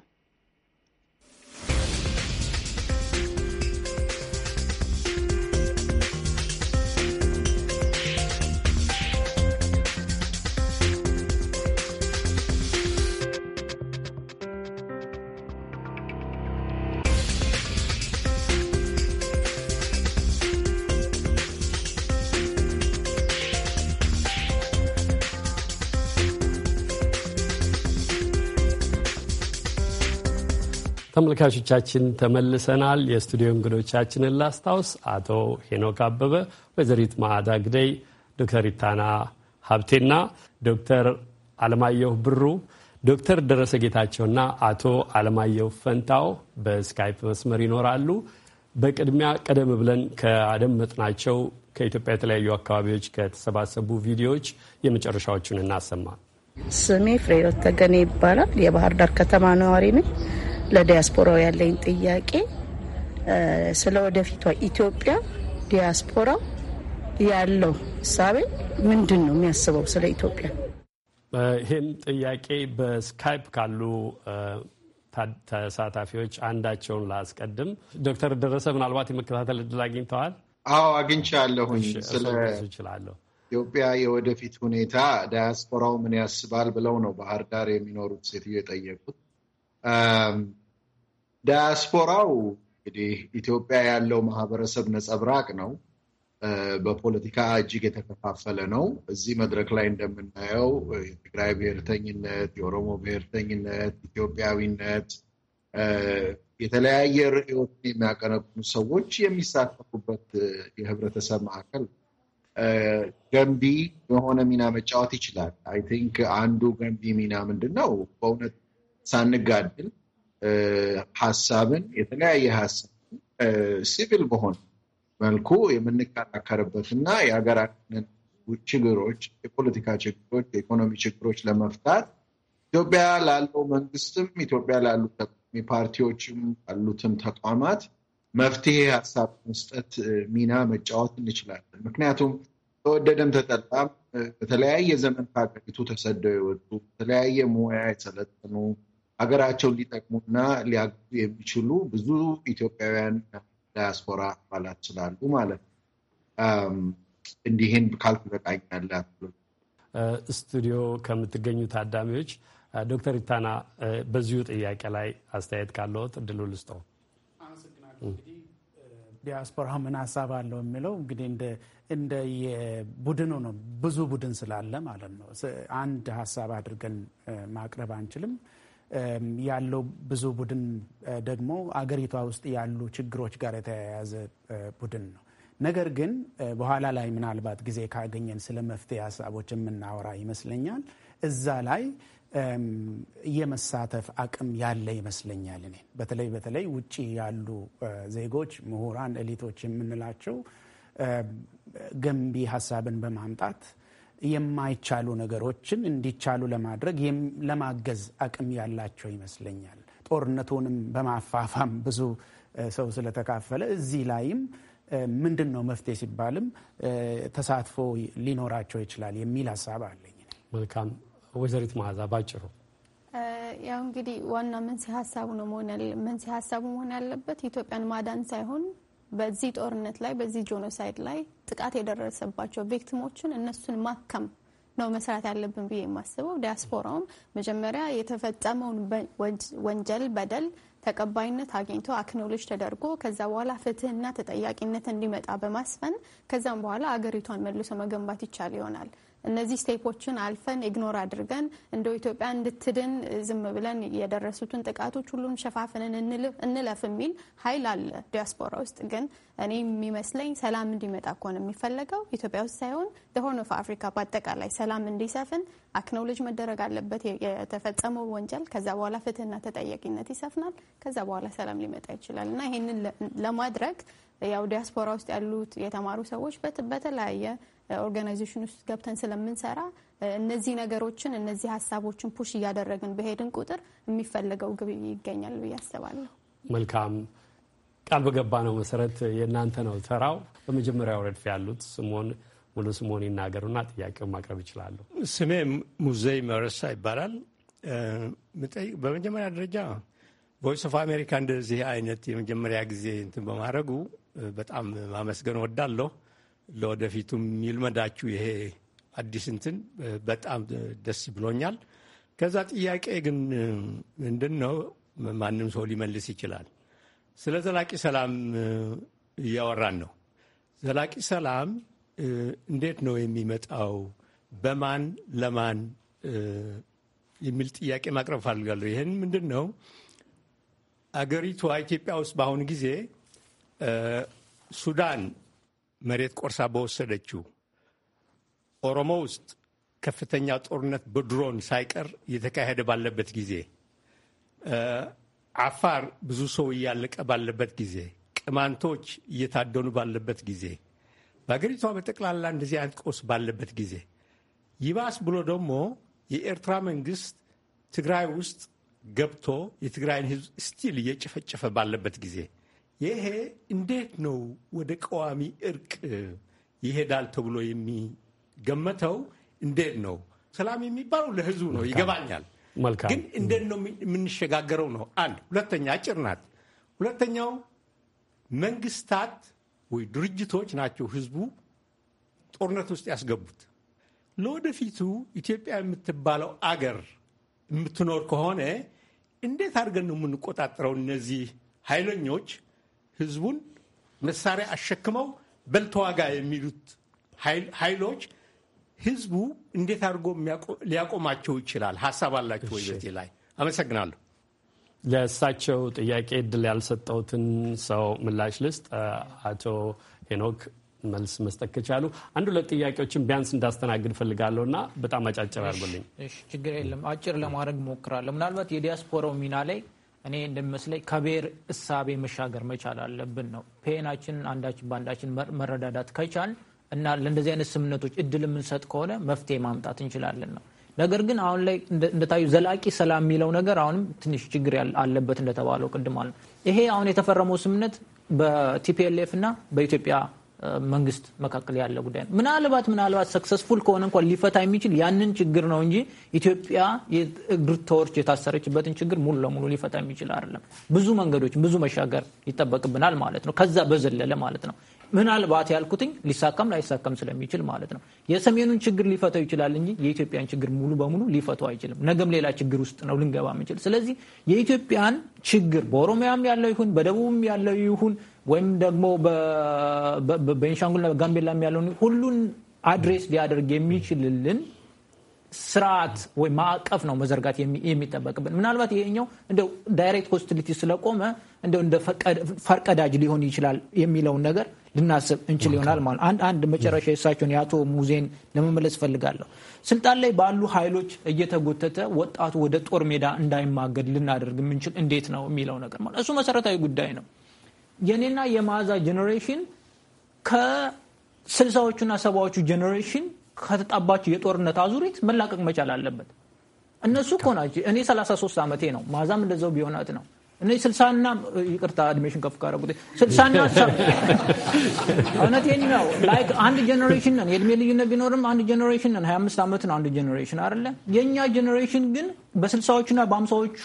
ተመልካቾቻችን ተመልሰናል። የስቱዲዮ እንግዶቻችንን ላስታውስ። አቶ ሄኖክ አበበ፣ ወይዘሪት ማዕዳ ግደይ፣ ዶክተር ኢታና ሀብቴና ዶክተር አለማየሁ ብሩ፣ ዶክተር ደረሰ ጌታቸውና አቶ አለማየሁ ፈንታው በስካይፕ መስመር ይኖራሉ። በቅድሚያ ቀደም ብለን ካደመጥናቸው ከኢትዮጵያ የተለያዩ አካባቢዎች ከተሰባሰቡ ቪዲዮዎች የመጨረሻዎቹን እናሰማ። ስሜ ፍሬሕይወት ተገኔ ይባላል። የባህር ዳር ከተማ ነዋሪ ነኝ። ለዲያስፖራው ያለኝ ጥያቄ ስለ ወደፊቷ ኢትዮጵያ ዲያስፖራ ያለው እሳቤ ምንድን ነው የሚያስበው ስለ ኢትዮጵያ? ይህን ጥያቄ በስካይፕ ካሉ ተሳታፊዎች አንዳቸውን ላስቀድም። ዶክተር ደረሰ ምናልባት የመከታተል እድል አግኝተዋል? አዎ አግኝቻለሁኝ። ስለ ኢትዮጵያ የወደፊት ሁኔታ ዳያስፖራው ምን ያስባል ብለው ነው ባህር ዳር የሚኖሩት ሴትዮ የጠየቁት። ዳያስፖራው እንግዲህ ኢትዮጵያ ያለው ማህበረሰብ ነጸብራቅ ነው። በፖለቲካ እጅግ የተከፋፈለ ነው። እዚህ መድረክ ላይ እንደምናየው የትግራይ ብሔርተኝነት፣ የኦሮሞ ብሔርተኝነት፣ ኢትዮጵያዊነት የተለያየ ርዕዮትን የሚያቀነቅኑ ሰዎች የሚሳተፉበት የህብረተሰብ ማዕከል ገንቢ የሆነ ሚና መጫወት ይችላል። አይ ቲንክ አንዱ ገንቢ ሚና ምንድን ነው? በእውነት ሳንጋድል ሀሳብን የተለያየ ሀሳብ ሲቪል በሆነ መልኩ የምንከራከርበት እና የሀገራችንን ችግሮች፣ የፖለቲካ ችግሮች፣ የኢኮኖሚ ችግሮች ለመፍታት ኢትዮጵያ ላለው መንግስትም ኢትዮጵያ ላሉ ተቃዋሚ ፓርቲዎችም ያሉትም ተቋማት መፍትሄ ሀሳብ መስጠት ሚና መጫወት እንችላለን። ምክንያቱም ተወደደም ተጠላም በተለያየ ዘመን ከሀገሪቱ ተሰደው የወጡ በተለያየ ሙያ የሰለጠኑ ሀገራቸውን ሊጠቅሙና ሊያግዙ የሚችሉ ብዙ ኢትዮጵያውያን ዳያስፖራ አባላት ስላሉ ማለት ነው። እንዲህን ካልኩ ያለ ስቱዲዮ ከምትገኙ ታዳሚዎች ዶክተር ኢታና በዚሁ ጥያቄ ላይ አስተያየት ካለዎት እድሉ ልስጠው። ዲያስፖራ ምን ሀሳብ አለው የሚለው እንግዲህ እንደ የቡድኑ ነው። ብዙ ቡድን ስላለ ማለት ነው አንድ ሀሳብ አድርገን ማቅረብ አንችልም። ያለው ብዙ ቡድን ደግሞ አገሪቷ ውስጥ ያሉ ችግሮች ጋር የተያያዘ ቡድን ነው። ነገር ግን በኋላ ላይ ምናልባት ጊዜ ካገኘን ስለ መፍትሄ ሀሳቦች የምናወራ ይመስለኛል። እዛ ላይ የመሳተፍ አቅም ያለ ይመስለኛል። እኔ በተለይ በተለይ ውጭ ያሉ ዜጎች፣ ምሁራን፣ ኤሊቶች የምንላቸው ገንቢ ሀሳብን በማምጣት የማይቻሉ ነገሮችን እንዲቻሉ ለማድረግ ለማገዝ አቅም ያላቸው ይመስለኛል። ጦርነቱንም በማፋፋም ብዙ ሰው ስለተካፈለ እዚህ ላይም ምንድን ነው መፍትሄ ሲባልም ተሳትፎ ሊኖራቸው ይችላል የሚል ሀሳብ አለኝ። መልካም ወይዘሪት መዓዛ ባጭሩ ያው እንግዲህ ዋና መንስኤ ሀሳቡ ነው መሆን መንስኤ ሀሳቡ መሆን ያለበት ኢትዮጵያን ማዳን ሳይሆን በዚህ ጦርነት ላይ በዚህ ጄኖሳይድ ላይ ጥቃት የደረሰባቸው ቪክቲሞችን እነሱን ማከም ነው መስራት ያለብን ብዬ የማስበው። ዲያስፖራውም መጀመሪያ የተፈጸመውን ወንጀል በደል ተቀባይነት አግኝቶ አክኖሎጅ ተደርጎ ከዛ በኋላ ፍትህና ተጠያቂነት እንዲመጣ በማስፈን ከዛም በኋላ አገሪቷን መልሶ መገንባት ይቻል ይሆናል። እነዚህ ስቴፖችን አልፈን ኢግኖር አድርገን እንደ ኢትዮጵያ እንድትድን ዝም ብለን የደረሱትን ጥቃቶች ሁሉም ሸፋፍንን እንለፍ የሚል ኃይል አለ ዲያስፖራ ውስጥ። ግን እኔ የሚመስለኝ ሰላም እንዲመጣ እኮ ነው የሚፈለገው ኢትዮጵያ ውስጥ ሳይሆን ሆርን ኦፍ አፍሪካ በአጠቃላይ ሰላም እንዲሰፍን አክኖሎጅ መደረግ አለበት የተፈጸመው ወንጀል። ከዛ በኋላ ፍትህና ተጠያቂነት ይሰፍናል። ከዛ በኋላ ሰላም ሊመጣ ይችላል እና ይህንን ለማድረግ ያው ዲያስፖራ ውስጥ ያሉት የተማሩ ሰዎች በተለያየ ኦርጋናይዜሽን ውስጥ ገብተን ስለምንሰራ እነዚህ ነገሮችን እነዚህ ሀሳቦችን ፑሽ እያደረግን በሄድን ቁጥር የሚፈለገው ግብ ይገኛል ብዬ አስባለሁ። መልካም ቃል በገባ ነው መሰረት የእናንተ ነው ተራው። በመጀመሪያው ረድፍ ያሉት ስሞን ሙሉ ስሞን ይናገሩና ጥያቄው ማቅረብ ይችላሉ። ስሜ ሙዘይ መረሳ ይባላል። በመጀመሪያ ደረጃ ቮይስ ኦፍ አሜሪካ እንደዚህ አይነት የመጀመሪያ ጊዜ እንትን በማድረጉ በጣም ማመስገን ወዳለሁ። ለወደፊቱም ይልመዳችሁ ይሄ አዲስ እንትን በጣም ደስ ብሎኛል። ከዛ ጥያቄ ግን ምንድን ነው ማንም ሰው ሊመልስ ይችላል። ስለ ዘላቂ ሰላም እያወራን ነው። ዘላቂ ሰላም እንዴት ነው የሚመጣው? በማን ለማን የሚል ጥያቄ ማቅረብ ፈልጋለሁ። ይህን ምንድን ነው አገሪቷ ኢትዮጵያ ውስጥ በአሁኑ ጊዜ ሱዳን መሬት ቆርሳ በወሰደችው ኦሮሞ ውስጥ ከፍተኛ ጦርነት በድሮን ሳይቀር እየተካሄደ ባለበት ጊዜ፣ አፋር ብዙ ሰው እያለቀ ባለበት ጊዜ፣ ቅማንቶች እየታደኑ ባለበት ጊዜ፣ በሀገሪቷ በጠቅላላ እንደዚህ አይነት ቀውስ ባለበት ጊዜ ይባስ ብሎ ደግሞ የኤርትራ መንግስት ትግራይ ውስጥ ገብቶ የትግራይን ህዝብ ስቲል እየጨፈጨፈ ባለበት ጊዜ ይሄ እንዴት ነው ወደ ቀዋሚ እርቅ ይሄዳል ተብሎ የሚገመተው? እንዴት ነው ሰላም የሚባለው? ለህዝቡ ነው ይገባኛል። ግን እንዴት ነው የምንሸጋገረው ነው አንድ። ሁለተኛ አጭር ናት። ሁለተኛው መንግስታት ወይ ድርጅቶች ናቸው ህዝቡ ጦርነት ውስጥ ያስገቡት። ለወደፊቱ ኢትዮጵያ የምትባለው አገር የምትኖር ከሆነ እንዴት አድርገን ነው የምንቆጣጠረው እነዚህ ኃይለኞች ህዝቡን መሳሪያ አሸክመው በልተዋጋ የሚሉት ኃይሎች ህዝቡ እንዴት አድርጎ ሊያቆማቸው ይችላል? ሀሳብ አላቸው ወይ በዚህ ላይ? አመሰግናለሁ። ለእሳቸው ጥያቄ እድል ያልሰጠሁትን ሰው ምላሽ ልስጥ። አቶ ሄኖክ መልስ መስጠት ከቻሉ አንድ ሁለት ጥያቄዎችን ቢያንስ እንዳስተናግድ ፈልጋለሁ እና በጣም አጫጭር አድርጎልኝ። ችግር የለም አጭር ለማድረግ ሞክራለሁ። ምናልባት የዲያስፖራው ሚና ላይ እኔ እንደሚመስለኝ ከብሔር እሳቤ መሻገር መቻል አለብን ነው ፔናችን አንዳችን በአንዳችን መረዳዳት ከቻል እና ለእንደዚህ አይነት ስምምነቶች እድል የምንሰጥ ከሆነ መፍትሄ ማምጣት እንችላለን ነው። ነገር ግን አሁን ላይ እንደታዩ ዘላቂ ሰላም የሚለው ነገር አሁንም ትንሽ ችግር አለበት እንደተባለው ቅድም አለ። ይሄ አሁን የተፈረመው ስምምነት በቲፒኤልኤፍ እና በኢትዮጵያ መንግስት መካከል ያለ ጉዳይ ነው። ምናልባት ምናልባት ሰክሰስፉል ከሆነ እንኳን ሊፈታ የሚችል ያንን ችግር ነው እንጂ ኢትዮጵያ የእግር ተወርች የታሰረችበትን ችግር ሙሉ ለሙሉ ሊፈታ የሚችል አይደለም። ብዙ መንገዶች ብዙ መሻገር ይጠበቅብናል ማለት ነው። ከዛ በዘለለ ማለት ነው። ምናልባት ያልኩትኝ ሊሳካም ላይሳካም ስለሚችል ማለት ነው። የሰሜኑን ችግር ሊፈተው ይችላል እንጂ የኢትዮጵያን ችግር ሙሉ በሙሉ ሊፈተው አይችልም። ነገም ሌላ ችግር ውስጥ ነው ልንገባ የምንችል። ስለዚህ የኢትዮጵያን ችግር በኦሮሚያም ያለው ይሁን በደቡብም ያለው ይሁን ወይም ደግሞ በቤንሻንጉልና በጋምቤላም ያለውን ሁሉን አድሬስ ሊያደርግ የሚችልልን ስርዓት ወይ ማዕቀፍ ነው መዘርጋት የሚጠበቅብን። ምናልባት ይሄኛው እንደው ዳይሬክት ሆስቲሊቲ ስለቆመ እንደው እንደ ፈርቀዳጅ ሊሆን ይችላል የሚለውን ነገር ልናስብ እንችል ይሆናል ማለት አንድ አንድ መጨረሻ የእሳቸውን የአቶ ሙዜን ለመመለስ እፈልጋለሁ። ስልጣን ላይ ባሉ ኃይሎች እየተጎተተ ወጣቱ ወደ ጦር ሜዳ እንዳይማገድ ልናደርግ የምንችል እንዴት ነው የሚለው ነገር ማለት እሱ መሰረታዊ ጉዳይ ነው። የኔና የመዓዛ ጀኔሬሽን ከስልሳዎቹና ሰባዎቹ ጀኔሬሽን ከተጣባቸው የጦርነት አዙሪት መላቀቅ መቻል አለበት። እነሱ እኮ ናቸው። እኔ 33 ዓመቴ ነው። መዓዛም እንደዛው ቢሆናት ነው እነዚህ ስልሳና ይቅርታ እድሜሽን ከፍ ካረጉት ስልሳና እውነቴን ነው። ላይክ አንድ ጀኔሬሽን ነን። የእድሜ ልዩነት ቢኖርም አንድ ጀኔሬሽን ነን። ሀያ አምስት ዓመት ነው አንድ ጀኔሬሽን አይደለ? የእኛ ጀኔሬሽን ግን በስልሳዎቹና በአምሳዎቹ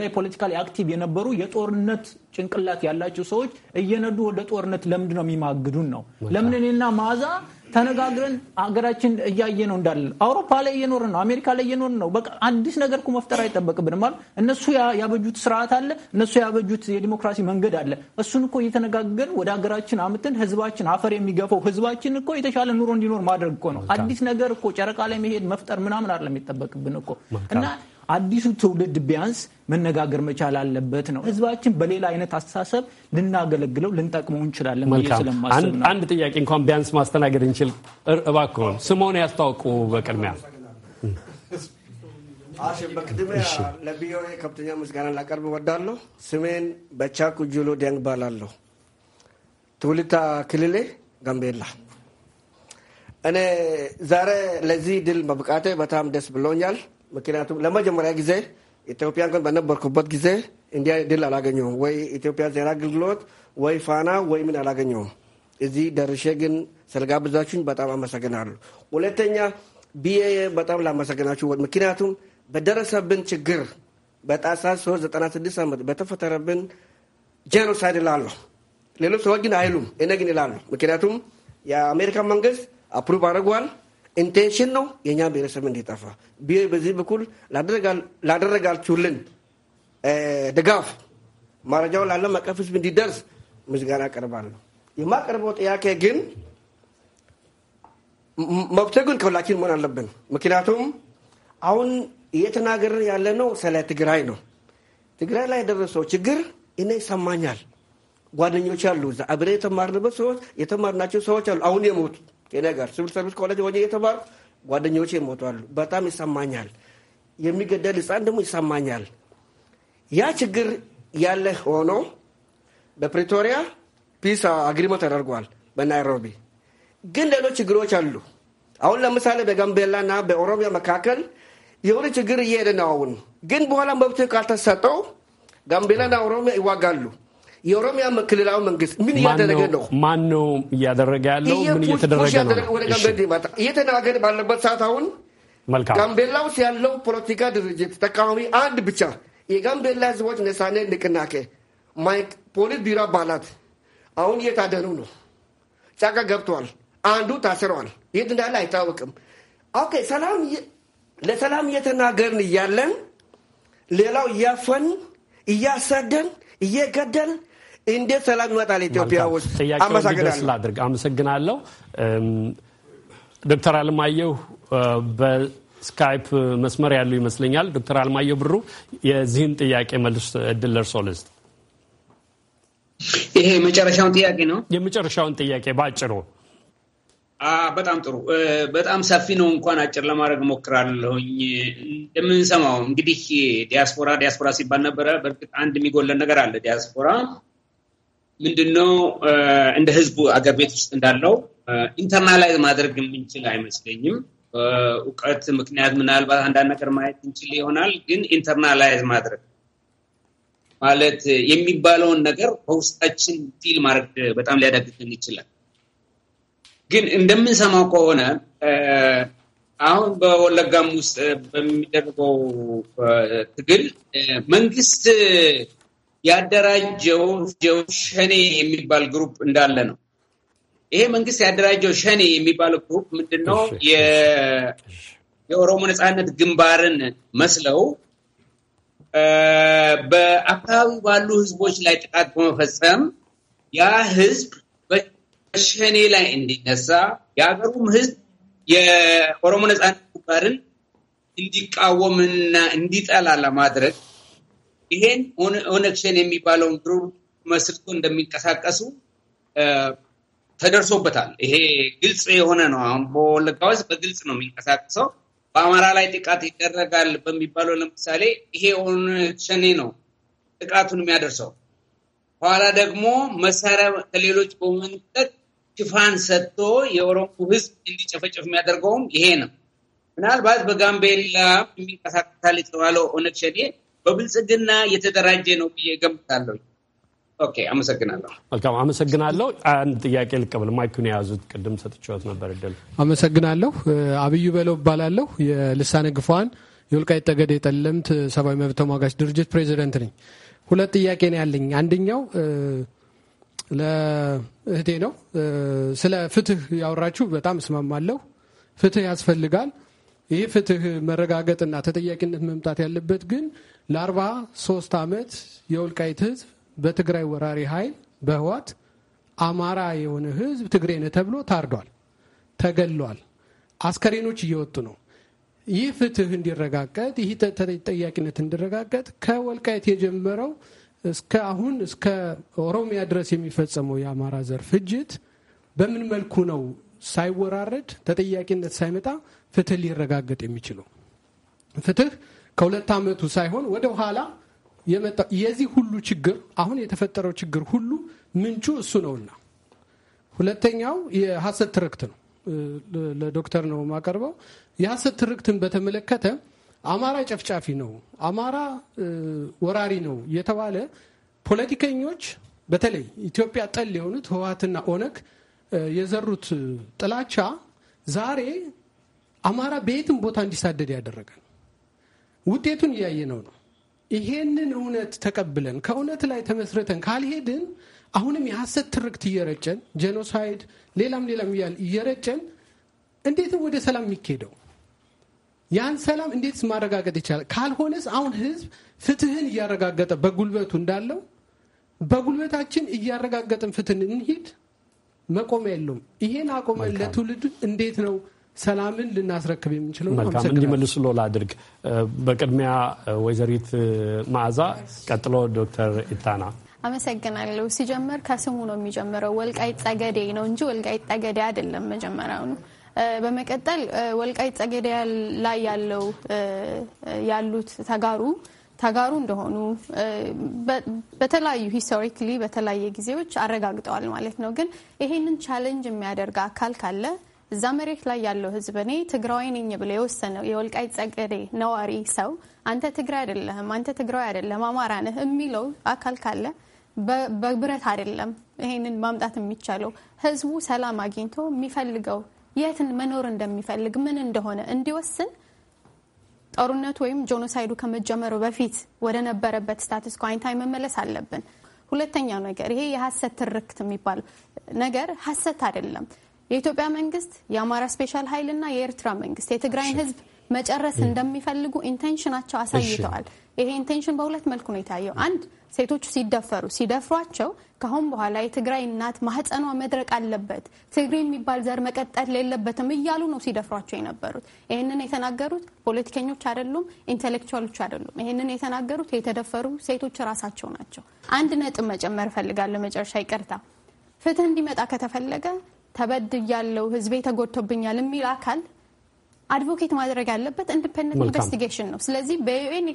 ላይ ፖለቲካሊ አክቲቭ የነበሩ የጦርነት ጭንቅላት ያላቸው ሰዎች እየነዱ ወደ ጦርነት ለምንድን ነው የሚማግዱን ነው ለምን እኔና ማዛ ተነጋግረን አገራችን እያየ ነው እንዳለ አውሮፓ ላይ እየኖርን ነው፣ አሜሪካ ላይ እየኖርን ነው። በቃ አዲስ ነገር እኮ መፍጠር አይጠበቅብንም። እነሱ ያበጁት ስርዓት አለ፣ እነሱ ያበጁት የዲሞክራሲ መንገድ አለ። እሱን እኮ እየተነጋገርን ወደ ሀገራችን አምጥተን ህዝባችን አፈር የሚገፋው ህዝባችን እኮ የተሻለ ኑሮ እንዲኖር ማድረግ እኮ ነው። አዲስ ነገር እኮ ጨረቃ ላይ መሄድ መፍጠር ምናምን አለ የሚጠበቅብን እኮ እና አዲሱ ትውልድ ቢያንስ መነጋገር መቻል አለበት ነው። ህዝባችን በሌላ አይነት አስተሳሰብ ልናገለግለው ልንጠቅመው እንችላለን ስለማስብ አንድ ጥያቄ እንኳን ቢያንስ ማስተናገድ እንችል። እባክዎን ስሞን ያስተዋውቁ በቅድሚያ። በቅድሚያ ለቪኦኤ ከፍተኛ ምስጋና ላቀርብ እወዳለሁ። ስሜን በቻኩ ጁሎ ደንግ ትውልታ ክልሌ ጋምቤላ። እኔ ዛሬ ለዚህ ድል መብቃቴ በጣም ደስ ብሎኛል። ምክንያቱም ለመጀመሪያ ጊዜ ኢትዮጵያ እንኳን በነበርኩበት ጊዜ እንዲያ ድል አላገኘሁም። ወይ ኢትዮጵያ ዜና አገልግሎት ወይ ፋና ወይ ምን አላገኘሁም። እዚህ ደርሼ ግን ስለጋበዛችሁኝ በጣም አመሰግናለሁ። ሁለተኛ ቢኤ በጣም ላመሰግናችሁ። ምክንያቱም በደረሰብን ችግር በጣሳት 396 ዓመት በተፈጠረብን ጄኖሳይድ እላለሁ። ሌሎች ሰዎች ግን አይሉም፣ እኔ ግን ምክንያቱም የአሜሪካ መንግስት አፕሩቭ አድርጓል። ኢንቴንሽን ነው የእኛ ብሔረሰብ እንዲጠፋ። በዚህ በኩል ላደረጋችሁልን ድጋፍ መረጃው ላለ አቀፍ ህዝብ እንዲደርስ ምስጋና አቀርባለሁ። የማቀርበው ጥያቄ ግን መብት ግን ከሁላችን መሆን አለብን። ምክንያቱም አሁን እየተናገርን ያለ ነው ስለ ትግራይ ነው። ትግራይ ላይ የደረሰው ችግር እኔ ይሰማኛል። ጓደኞች አሉ፣ እዛ የተማርንበት ሰዎች የተማርናቸው ሰዎች አሉ አሁን የሞቱ እኔ ጋር ሲቪል ሰርቪስ ኮሌጅ ወ የተማሩ ጓደኞች ይሞቷሉ። በጣም ይሰማኛል። የሚገደል ህፃን ደግሞ ይሰማኛል። ያ ችግር ያለ ሆኖ በፕሪቶሪያ ፒስ አግሪመንት ተደርጓል። በናይሮቢ ግን ሌሎች ችግሮች አሉ። አሁን ለምሳሌ በጋምቤላና በኦሮሚያ መካከል የሆነ ችግር እየሄደ ነው። አሁን ግን በኋላ መብት ካልተሰጠው ጋምቤላና ኦሮሚያ ይዋጋሉ። የኦሮሚያ ክልላዊ መንግስት ምን እያደረገ ነው? ማን ነው እያደረገ ያለው? ምን እየተደረገ ነው? እየተናገር ባለበት ሰዓት አሁን ጋምቤላ ውስጥ ያለው ፖለቲካ ድርጅት ተቃዋሚ አንድ ብቻ የጋምቤላ ህዝቦች ነሳኔ ንቅናቄ ማይክ ፖሊስ ቢሮ አባላት አሁን እየታደኑ ነው። ጫካ ገብተዋል። አንዱ ታስረዋል። የት እንዳለ አይታወቅም። ኦኬ ሰላም ለሰላም እየተናገርን እያለን ሌላው እያፈን እያሰደን እየገደል እንዴት ሰላም ይመጣል ኢትዮጵያ ውስጥ? አመሰግናለሁ ላድርግ። አመሰግናለሁ። ዶክተር አለማየሁ በስካይፕ መስመር ያሉ ይመስለኛል። ዶክተር አልማየሁ ብሩ የዚህን ጥያቄ መልስ እድል ለርሶ ልስጥ። ይሄ የመጨረሻውን ጥያቄ ነው። የመጨረሻውን ጥያቄ በአጭሩ በጣም ጥሩ በጣም ሰፊ ነው። እንኳን አጭር ለማድረግ ሞክራለሁኝ። እንደምንሰማው እንግዲህ ዲያስፖራ ዲያስፖራ ሲባል ነበረ። በእርግጥ አንድ የሚጎለን ነገር አለ። ዲያስፖራ ምንድነው እንደ ህዝቡ አገር ቤት ውስጥ እንዳለው ኢንተርናላይዝ ማድረግ የምንችል አይመስለኝም። እውቀት ምክንያት ምናልባት አንዳንድ ነገር ማየት እንችል ይሆናል፣ ግን ኢንተርናላይዝ ማድረግ ማለት የሚባለውን ነገር በውስጣችን ፊል ማድረግ በጣም ሊያዳግተን ይችላል። ግን እንደምንሰማው ከሆነ አሁን በወለጋም ውስጥ በሚደረገው ትግል መንግስት ያደራጀው ሸኔ የሚባል ግሩፕ እንዳለ ነው። ይሄ መንግስት ያደራጀው ሸኔ የሚባል ግሩፕ ምንድነው? የኦሮሞ ነፃነት ግንባርን መስለው በአካባቢ ባሉ ህዝቦች ላይ ጥቃት በመፈጸም ያ ህዝብ በሸኔ ላይ እንዲነሳ የሀገሩም ህዝብ የኦሮሞ ነፃነት ግንባርን እንዲቃወምና እንዲጠላ ለማድረግ ይሄን ኦነግሸን የሚባለውን ግሩፕ መስርቶ እንደሚንቀሳቀሱ ተደርሶበታል። ይሄ ግልጽ የሆነ ነው። አሁን በወለጋ ውስጥ በግልጽ ነው የሚንቀሳቀሰው። በአማራ ላይ ጥቃት ይደረጋል በሚባለው ለምሳሌ ይሄ ኦነግ ሸኔ ነው ጥቃቱን የሚያደርሰው። በኋላ ደግሞ መሳሪያ ከሌሎች በመንጠቅ ሽፋን ሰጥቶ የኦሮሞ ሕዝብ እንዲጨፈጨፍ የሚያደርገውም ይሄ ነው። ምናልባት በጋምቤላ የሚንቀሳቀሳል የተባለው ኦነግ ሸኔ በብልጽግና የተደራጀ ነው ብዬ ገምታለሁ። ኦኬ፣ አመሰግናለሁ። መልካም አመሰግናለሁ። አንድ ጥያቄ ልቀበል። ማይኩን የያዙት ቅድም ሰጥቼዎት ነበር እድል። አመሰግናለሁ። አብዩ በለው እባላለሁ። የልሳነ ግፏን የወልቃይት ጠገዴ የጠለምት ሰብአዊ መብት ተሟጋች ድርጅት ፕሬዚደንት ነኝ። ሁለት ጥያቄ ነው ያለኝ። አንደኛው ለእህቴ ነው። ስለ ፍትህ ያወራችሁ በጣም እስማማለሁ። ፍትህ ያስፈልጋል። ይህ ፍትህ መረጋገጥና ተጠያቂነት መምጣት ያለበት ግን ለአርባ ሶስት ዓመት የወልቃይት ህዝብ በትግራይ ወራሪ ኃይል በህዋት አማራ የሆነ ህዝብ ትግሬ ነህ ተብሎ ታርዷል፣ ተገሏል። አስከሬኖች እየወጡ ነው። ይህ ፍትህ እንዲረጋገጥ፣ ይህ ተጠያቂነት እንዲረጋገጥ ከወልቃይት የጀመረው እስከ አሁን እስከ ኦሮሚያ ድረስ የሚፈጸመው የአማራ ዘር ፍጅት በምን መልኩ ነው ሳይወራረድ ተጠያቂነት ሳይመጣ ፍትህ ሊረጋገጥ የሚችለው? ፍትህ ከሁለት ዓመቱ ሳይሆን ወደ ኋላ የዚህ ሁሉ ችግር አሁን የተፈጠረው ችግር ሁሉ ምንቹ እሱ ነውና፣ ሁለተኛው የሐሰት ትርክት ነው። ለዶክተር ነው የማቀርበው። የሐሰት ትርክትን በተመለከተ አማራ ጨፍጫፊ ነው፣ አማራ ወራሪ ነው የተባለ ፖለቲከኞች በተለይ ኢትዮጵያ ጠል የሆኑት ህወሓትና ኦነግ የዘሩት ጥላቻ ዛሬ አማራ በየትም ቦታ እንዲሳደድ ያደረገ ነው። ውጤቱን እያየነው ነው። ይሄንን እውነት ተቀብለን ከእውነት ላይ ተመስርተን ካልሄድን አሁንም የሐሰት ትርክት እየረጨን ጄኖሳይድ፣ ሌላም ሌላም እያል እየረጨን እንዴትም ወደ ሰላም የሚካሄደው ያን ሰላም እንዴትስ ማረጋገጥ ይቻላል? ካልሆነስ አሁን ህዝብ ፍትህን እያረጋገጠ በጉልበቱ እንዳለው በጉልበታችን እያረጋገጥን ፍትህን እንሂድ መቆሚያ የለውም። ይሄን አቆመን ለትውልድ እንዴት ነው ሰላምን ልናስረክብ የምንችለው። መልካም እንዲመልሱ ሎላ አድርግ። በቅድሚያ ወይዘሪት መዓዛ፣ ቀጥሎ ዶክተር ኢታና። አመሰግናለሁ። ሲጀመር ከስሙ ነው የሚጀምረው። ወልቃይት ጸገዴ ነው እንጂ ወልቃይት ጠገዴ አይደለም መጀመሪያው ነው። በመቀጠል ወልቃይት ጸገዴ ላይ ያለው ያሉት ተጋሩ ተጋሩ እንደሆኑ በተለያዩ ሂስቶሪካሊ በተለያየ ጊዜዎች አረጋግጠዋል ማለት ነው። ግን ይሄንን ቻሌንጅ የሚያደርግ አካል ካለ እዛ መሬት ላይ ያለው ህዝብ እኔ ትግራዊ ነኝ ብሎ የወሰነው የወልቃይት ጠገዴ ነዋሪ ሰው አንተ ትግራይ አይደለህም፣ አንተ ትግራዊ አይደለም፣ አማራ ነህ የሚለው አካል ካለ በብረት አይደለም ይሄንን ማምጣት የሚቻለው። ህዝቡ ሰላም አግኝቶ የሚፈልገው የትን መኖር እንደሚፈልግ ምን እንደሆነ እንዲወስን ጦርነቱ ወይም ጄኖሳይዱ ከመጀመሩ በፊት ወደ ነበረበት ስታትስ ኳ አይንታይ መመለስ አለብን። ሁለተኛው ነገር ይሄ የሀሰት ትርክት የሚባል ነገር ሀሰት አይደለም። የኢትዮጵያ መንግስት የአማራ ስፔሻል ኃይል እና የኤርትራ መንግስት የትግራይን ህዝብ መጨረስ እንደሚፈልጉ ኢንቴንሽናቸው አሳይተዋል። ይሄ ኢንቴንሽን በሁለት መልኩ ነው የታየው። አንድ ሴቶቹ ሲደፈሩ ሲደፍሯቸው ከአሁን በኋላ የትግራይ እናት ማህፀኗ መድረቅ አለበት፣ ትግሬ የሚባል ዘር መቀጠል የለበትም እያሉ ነው ሲደፍሯቸው የነበሩት። ይህንን የተናገሩት ፖለቲከኞች አይደሉም፣ ኢንቴሌክቹዋሎች አይደሉም። ይህንን የተናገሩት የተደፈሩ ሴቶች ራሳቸው ናቸው። አንድ ነጥብ መጨመር እፈልጋለሁ። መጨረሻ ይቅርታ፣ ፍትህ እንዲመጣ ከተፈለገ ተበድያለሁ፣ ህዝቤ ተጎድቶብኛል የሚል አካል አድቮኬት ማድረግ ያለበት ኢንዲፐንደንት ኢንቨስቲጌሽን ነው። ስለዚህ በዩኤን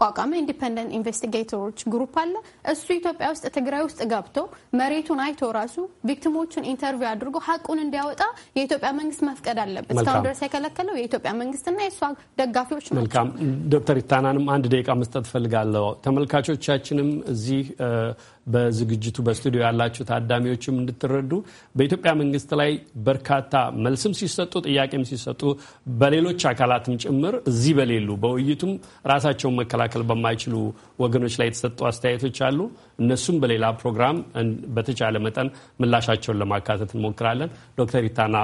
የተቋቋመ ኢንዲፐንደንት ኢንቨስቲጌተሮች ግሩፕ አለ። እሱ ኢትዮጵያ ውስጥ ትግራይ ውስጥ ገብቶ መሬቱን አይቶ ራሱ ቪክቲሞቹን ኢንተርቪው አድርጎ ሀቁን እንዲያወጣ የኢትዮጵያ መንግስት መፍቀድ አለበት። እስካሁን ድረስ የከለከለው የኢትዮጵያ መንግስትና የእሷ ደጋፊዎች ናቸው። መልካም ዶክተር ኢታናንም አንድ ደቂቃ መስጠት ፈልጋለሁ። ተመልካቾቻችንም እዚህ በዝግጅቱ በስቱዲዮ ያላችሁ ታዳሚዎችም እንድትረዱ በኢትዮጵያ መንግስት ላይ በርካታ መልስም ሲሰጡ ጥያቄም ሲሰጡ በሌሎች አካላትም ጭምር እዚህ በሌሉ በውይይቱም ራሳቸውን መከላከል መከላከል በማይችሉ ወገኖች ላይ የተሰጡ አስተያየቶች አሉ። እነሱም በሌላ ፕሮግራም በተቻለ መጠን ምላሻቸውን ለማካተት እንሞክራለን። ዶክተር ኢታና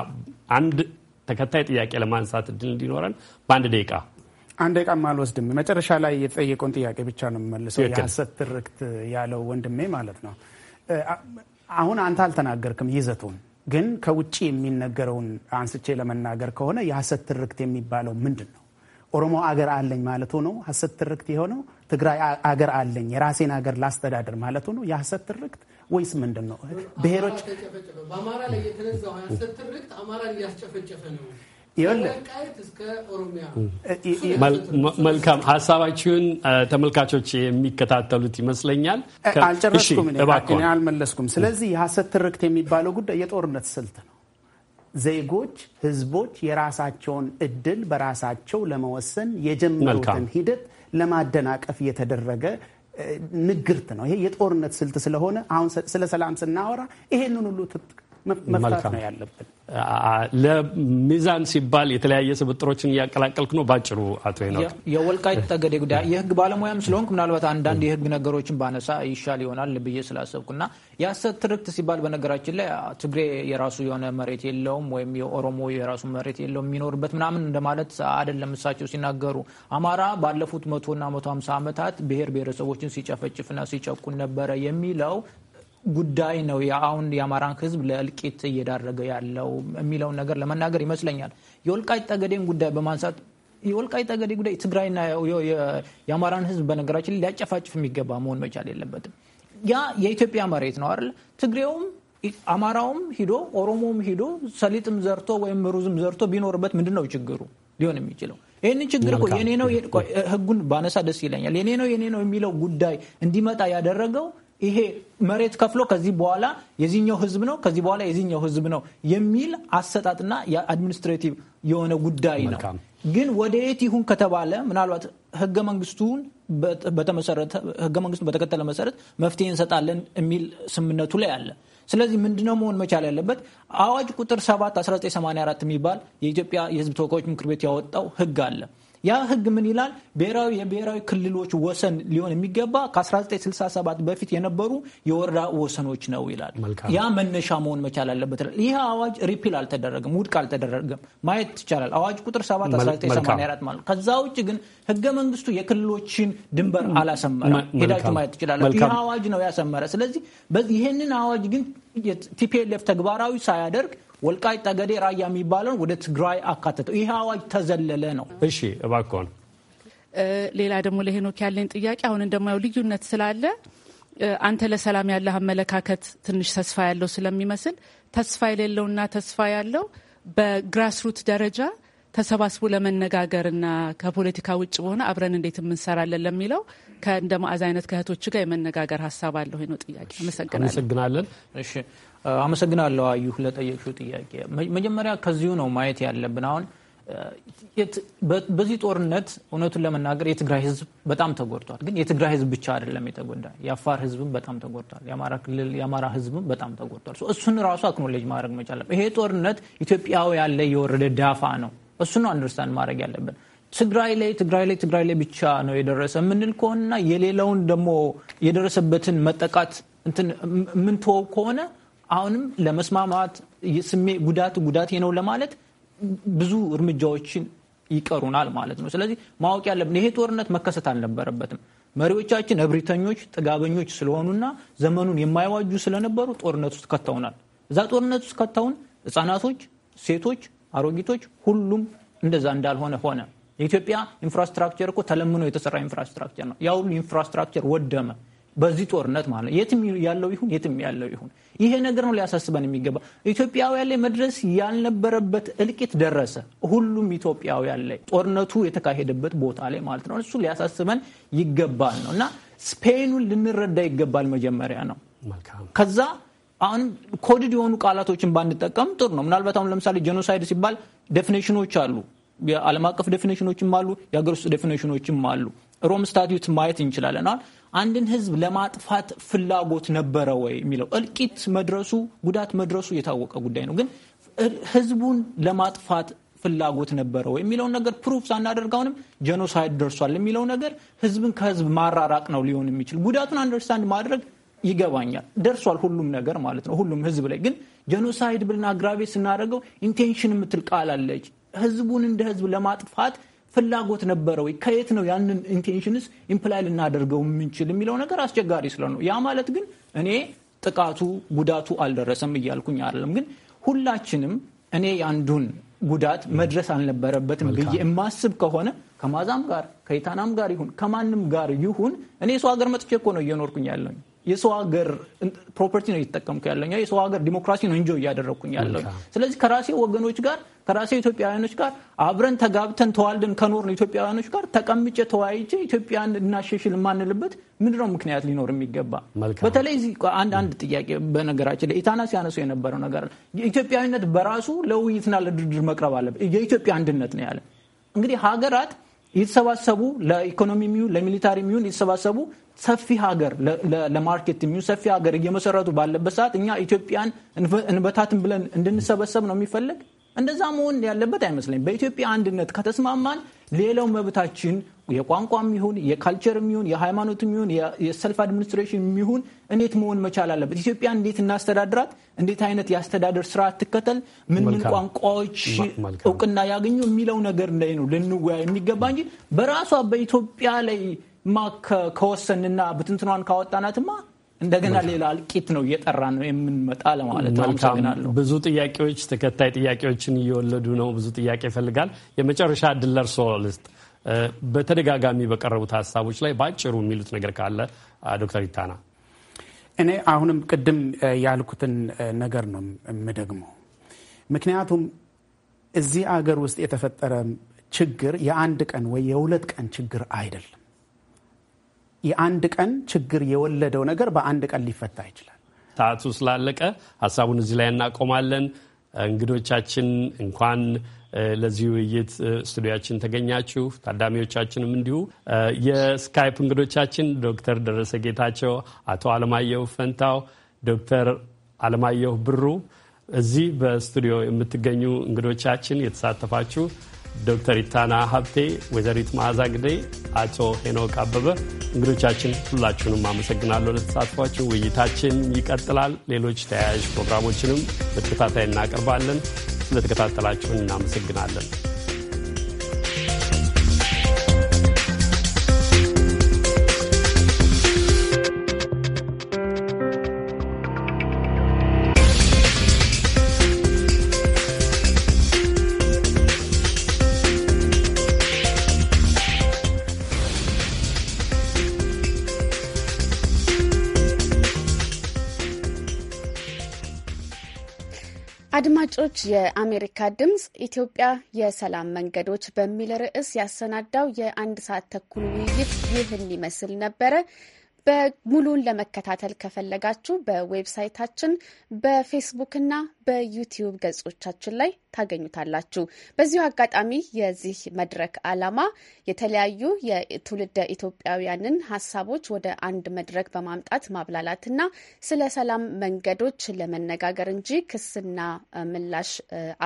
አንድ ተከታይ ጥያቄ ለማንሳት እድል እንዲኖረን በአንድ ደቂቃ አንድ ደቂቃም አልወስድም። መጨረሻ ላይ የተጠየቀውን ጥያቄ ብቻ ነው የምመልሰው። የሐሰት ትርክት ያለው ወንድሜ ማለት ነው። አሁን አንተ አልተናገርክም ይዘቱን ግን ከውጭ የሚነገረውን አንስቼ ለመናገር ከሆነ የሐሰት ትርክት የሚባለው ምንድን ነው? ኦሮሞ አገር አለኝ ማለቱ ነው። ሀሰት ትርክት የሆነው ትግራይ አገር አለኝ የራሴን አገር ላስተዳድር ማለቱ ነው የሀሰት ትርክት ወይስ ምንድን ነው? ብሔሮች በአማራ ላይ የተነዛው ሀሰት ትርክት አማራ ነው። መልካም ሀሳባችሁን ተመልካቾች የሚከታተሉት ይመስለኛል። አልጨረስኩም፣ አልመለስኩም። ስለዚህ የሀሰት ትርክት የሚባለው ጉዳይ የጦርነት ስልት ነው። ዜጎች፣ ህዝቦች የራሳቸውን እድል በራሳቸው ለመወሰን የጀመሩትን ሂደት ለማደናቀፍ የተደረገ ንግርት ነው። ይሄ የጦርነት ስልት ስለሆነ አሁን ስለ ሰላም ስናወራ ይሄንን ሁሉ መፍታት ነው ያለብን። ለሚዛን ሲባል የተለያየ ስብጥሮችን እያቀላቀልክ ነው ባጭሩ። አቶ ሄኖክ የወልቃይት ጠገዴ ጉዳይ የህግ ባለሙያም ስለሆንክ ምናልባት አንዳንድ የህግ ነገሮችን ባነሳ ይሻል ይሆናል ብዬ ስላሰብኩና የሀሰት ትርክት ሲባል በነገራችን ላይ ትግሬ የራሱ የሆነ መሬት የለውም ወይም የኦሮሞ የራሱ መሬት የለውም የሚኖርበት ምናምን እንደማለት አይደለም። እሳቸው ሲናገሩ አማራ ባለፉት መቶና መቶ ሀምሳ ዓመታት ብሔር ብሔረሰቦችን ሲጨፈጭፍና ሲጨቁን ነበረ የሚለው ጉዳይ ነው የአሁን የአማራን ህዝብ ለእልቂት እየዳረገ ያለው የሚለውን ነገር ለመናገር ይመስለኛል። የወልቃይት ጠገዴን ጉዳይ በማንሳት የወልቃይት ጠገዴ ጉዳይ ትግራይና የአማራን ህዝብ በነገራችን ላይ ሊያጨፋጭፍ የሚገባ መሆን መቻል የለበትም። ያ የኢትዮጵያ መሬት ነው አይደል? ትግሬውም አማራውም ሂዶ ኦሮሞም ሂዶ ሰሊጥም ዘርቶ ወይም ሩዝም ዘርቶ ቢኖርበት ምንድን ነው ችግሩ ሊሆን የሚችለው? ይህን ችግር እኮ የኔ ነው ህጉን ባነሳ ደስ ይለኛል። የኔ ነው የኔ ነው የሚለው ጉዳይ እንዲመጣ ያደረገው ይሄ መሬት ከፍሎ ከዚህ በኋላ የዚህኛው ህዝብ ነው ከዚህ በኋላ የዚህኛው ህዝብ ነው የሚል አሰጣጥና የአድሚኒስትሬቲቭ የሆነ ጉዳይ ነው። ግን ወደ የት ይሁን ከተባለ ምናልባት ህገ መንግስቱን በተመሰረተ ህገ መንግስቱን በተከተለ መሰረት መፍትሄ እንሰጣለን የሚል ስምምነቱ ላይ አለ። ስለዚህ ምንድነው መሆን መቻል ያለበት? አዋጅ ቁጥር 7 1984 የሚባል የኢትዮጵያ የህዝብ ተወካዮች ምክር ቤት ያወጣው ህግ አለ። ያ ህግ ምን ይላል? ብሔራዊ የብሔራዊ ክልሎች ወሰን ሊሆን የሚገባ ከ1967 በፊት የነበሩ የወረዳ ወሰኖች ነው ይላል። ያ መነሻ መሆን መቻል አለበት። ይህ አዋጅ ሪፒል አልተደረገም፣ ውድቅ አልተደረገም። ማየት ይቻላል። አዋጅ ቁጥር 7 1984 ማለት ከዛ ውጭ ግን ህገ መንግስቱ የክልሎችን ድንበር አላሰመረም። ሄዳችሁ ማየት ትችላላችሁ። ይህ አዋጅ ነው ያሰመረ። ስለዚህ ይህንን አዋጅ ግን ቲፒኤልኤፍ ተግባራዊ ሳያደርግ ወልቃይ ጠገዴ፣ ራያ የሚባለውን ወደ ትግራይ አካተተው ይህ አዋጅ ተዘለለ ነው። እሺ እባክዎን ሌላ ደግሞ ለሄኖክ ያለኝ ጥያቄ አሁን እንደማየው ልዩነት ስላለ አንተ ለሰላም ያለህ አመለካከት ትንሽ ተስፋ ያለው ስለሚመስል ተስፋ የሌለውና ተስፋ ያለው በግራስሩት ደረጃ ተሰባስቦ ለመነጋገርና ከፖለቲካ ውጭ በሆነ አብረን እንዴት የምንሰራለን ለሚለው ከእንደ መዓዛ አይነት ከእህቶች ጋር የመነጋገር ሀሳብ አለሁ ነው ጥያቄ። አመሰግናለን። አመሰግናለሁ አዩ ለጠየቅሽው ጥያቄ። መጀመሪያ ከዚሁ ነው ማየት ያለብን። አሁን በዚህ ጦርነት እውነቱን ለመናገር የትግራይ ህዝብ በጣም ተጎድቷል። ግን የትግራይ ህዝብ ብቻ አይደለም የተጎዳ፣ የአፋር ህዝብም በጣም ተጎድቷል። የአማራ ክልል የአማራ ህዝብም በጣም ተጎድቷል። እሱን ራሱ አክኖሌጅ ማድረግ መቻለም። ይሄ ጦርነት ኢትዮጵያዊ ያለ የወረደ ዳፋ ነው። እሱን ነው አንደርስታንድ ማድረግ ያለብን። ትግራይ ላይ ትግራይ ላይ ትግራይ ላይ ብቻ ነው የደረሰ የምንል ከሆነና የሌላውን ደግሞ የደረሰበትን መጠቃት እንትን የምንተወው ከሆነ አሁንም ለመስማማት ስሜ ጉዳት ጉዳቴ ነው ለማለት ብዙ እርምጃዎችን ይቀሩናል ማለት ነው። ስለዚህ ማወቅ ያለብን ይሄ ጦርነት መከሰት አልነበረበትም። መሪዎቻችን እብሪተኞች፣ ጥጋበኞች ስለሆኑና ዘመኑን የማይዋጁ ስለነበሩ ጦርነት ውስጥ ከተውናል። እዛ ጦርነት ውስጥ ከተውን ህጻናቶች፣ ሴቶች፣ አሮጊቶች ሁሉም እንደዛ እንዳልሆነ ሆነ። የኢትዮጵያ ኢንፍራስትራክቸር እኮ ተለምኖ የተሰራ ኢንፍራስትራክቸር ነው። ያ ሁሉ ኢንፍራስትራክቸር ወደመ። በዚህ ጦርነት ማለት ነው። የትም ያለው ይሁን የትም ያለው ይሁን ይሄ ነገር ነው ሊያሳስበን የሚገባ። ኢትዮጵያውያን ላይ መድረስ ያልነበረበት እልቂት ደረሰ። ሁሉም ኢትዮጵያውያን ላይ ጦርነቱ የተካሄደበት ቦታ ላይ ማለት ነው። እሱ ሊያሳስበን ይገባል ነው እና ስፔኑን ልንረዳ ይገባል መጀመሪያ ነው። ከዛ አሁን ኮድድ የሆኑ ቃላቶችን ባንጠቀም ጥሩ ነው። ምናልባት አሁን ለምሳሌ ጄኖሳይድ ሲባል ዴፊኔሽኖች አሉ፣ የዓለም አቀፍ ዴፊኔሽኖችም አሉ፣ የሀገር ውስጥ ዴፊኔሽኖችም አሉ። ሮም ስታትዩት ማየት እንችላለን። አንድን ህዝብ ለማጥፋት ፍላጎት ነበረ ወይ የሚለው እልቂት መድረሱ ጉዳት መድረሱ የታወቀ ጉዳይ ነው። ግን ህዝቡን ለማጥፋት ፍላጎት ነበረ ወይ የሚለውን ነገር ፕሩፍ ሳናደርግ አሁንም ጀኖሳይድ ደርሷል የሚለው ነገር ህዝብን ከህዝብ ማራራቅ ነው ሊሆን የሚችል ጉዳቱን አንደርስታንድ ማድረግ ይገባኛል። ደርሷል ሁሉም ነገር ማለት ነው ሁሉም ህዝብ ላይ ግን ጀኖሳይድ ብልን አግራቤ ስናደርገው ኢንቴንሽን የምትል ቃል አለች። ህዝቡን እንደ ህዝብ ለማጥፋት ፍላጎት ነበረ ወይ? ከየት ነው ያንን ኢንቴንሽንስ ኢምፕላይ ልናደርገው የምንችል የሚለው ነገር አስቸጋሪ ስለሆነ ያ ማለት ግን እኔ ጥቃቱ ጉዳቱ አልደረሰም እያልኩኝ አይደለም። ግን ሁላችንም እኔ የአንዱን ጉዳት መድረስ አልነበረበትም ብዬ የማስብ ከሆነ ከማዛም ጋር ከይታናም ጋር ይሁን ከማንም ጋር ይሁን እኔ ሰው ሀገር መጥቼ እኮ ነው እየኖርኩኝ ያለኝ የሰው ሀገር ፕሮፐርቲ ነው እየተጠቀምኩ ያለኝ የሰው ሀገር ዲሞክራሲ ነው እንጆ እያደረግኩኝ ያለው። ስለዚህ ከራሴ ወገኖች ጋር ከራሴ ኢትዮጵያውያኖች ጋር አብረን ተጋብተን ተዋልደን ከኖርን ኢትዮጵያውያኖች ጋር ተቀምጬ ተወያይቼ ኢትዮጵያን እናሸሽል የማንልበት ምንድነው ምክንያት ሊኖር የሚገባ በተለይ እዚህ አንድ አንድ ጥያቄ በነገራችን ላይ ኢታና ሲያነሱ የነበረው ነገር ኢትዮጵያዊነት በራሱ ለውይይትና ለድርድር መቅረብ አለበት። የኢትዮጵያ አንድነት ነው ያለ እንግዲህ ሀገራት የተሰባሰቡ ለኢኮኖሚ ሚሁን ለሚሊታሪ ሚሁን የተሰባሰቡ ሰፊ ሀገር ለማርኬት የሚሆን ሰፊ ሀገር እየመሰረቱ ባለበት ሰዓት እኛ ኢትዮጵያን እንበታትን ብለን እንድንሰበሰብ ነው የሚፈልግ እንደዛ መሆን ያለበት አይመስለኝ። በኢትዮጵያ አንድነት ከተስማማን ሌላው መብታችን የቋንቋም ይሁን የካልቸርም ይሁን የሃይማኖትም ይሁን የሰልፍ አድሚኒስትሬሽን ይሁን እንዴት መሆን መቻል አለበት። ኢትዮጵያ እንዴት እናስተዳድራት፣ እንዴት አይነት የአስተዳደር ስርዓት ትከተል፣ ምን ምን ቋንቋዎች እውቅና ያገኙ የሚለው ነገር ላይ ነው ልንወያ የሚገባ እንጂ በራሷ በኢትዮጵያ ላይ ከወሰንና ብትንትኗን ካወጣናትማ እንደገና ሌላ እልቂት ነው እየጠራ ነው የምንመጣ ለማለት አመሰግናለሁ። ብዙ ጥያቄዎች ተከታይ ጥያቄዎችን እየወለዱ ነው። ብዙ ጥያቄ ይፈልጋል። የመጨረሻ እድል ለርሶ ልስጥ። በተደጋጋሚ በቀረቡት ሀሳቦች ላይ በአጭሩ የሚሉት ነገር ካለ ዶክተር ኢታና። እኔ አሁንም ቅድም ያልኩትን ነገር ነው የምደግመው። ምክንያቱም እዚህ አገር ውስጥ የተፈጠረ ችግር የአንድ ቀን ወይ የሁለት ቀን ችግር አይደለም። የአንድ ቀን ችግር የወለደው ነገር በአንድ ቀን ሊፈታ ይችላል። ሰዓቱ ስላለቀ ሀሳቡን እዚህ ላይ እናቆማለን። እንግዶቻችን እንኳን ለዚህ ውይይት ስቱዲያችን ተገኛችሁ፣ ታዳሚዎቻችንም እንዲሁ። የስካይፕ እንግዶቻችን ዶክተር ደረሰ ጌታቸው፣ አቶ አለማየሁ ፈንታው፣ ዶክተር አለማየሁ ብሩ፣ እዚህ በስቱዲዮ የምትገኙ እንግዶቻችን የተሳተፋችሁ ዶክተር ኢታና ሀብቴ፣ ወይዘሪት መዓዛ ግዴ፣ አቶ ሄኖክ አበበ እንግዶቻችን ሁላችሁንም አመሰግናለሁ ለተሳትፏችሁ። ውይይታችን ይቀጥላል። ሌሎች ተያያዥ ፕሮግራሞችንም በተከታታይ እናቀርባለን። ስለተከታተላችሁን እናመሰግናለን። አድማጮች የአሜሪካ ድምፅ ኢትዮጵያ የሰላም መንገዶች በሚል ርዕስ ያሰናዳው የአንድ ሰዓት ተኩል ውይይት ይህን ይመስል ነበረ። በሙሉን ለመከታተል ከፈለጋችሁ በዌብሳይታችን በፌስቡክና በዩቲዩብ ገጾቻችን ላይ ታገኙታላችሁ። በዚሁ አጋጣሚ የዚህ መድረክ ዓላማ የተለያዩ የትውልደ ኢትዮጵያውያንን ሀሳቦች ወደ አንድ መድረክ በማምጣት ማብላላትና ስለ ሰላም መንገዶች ለመነጋገር እንጂ ክስና ምላሽ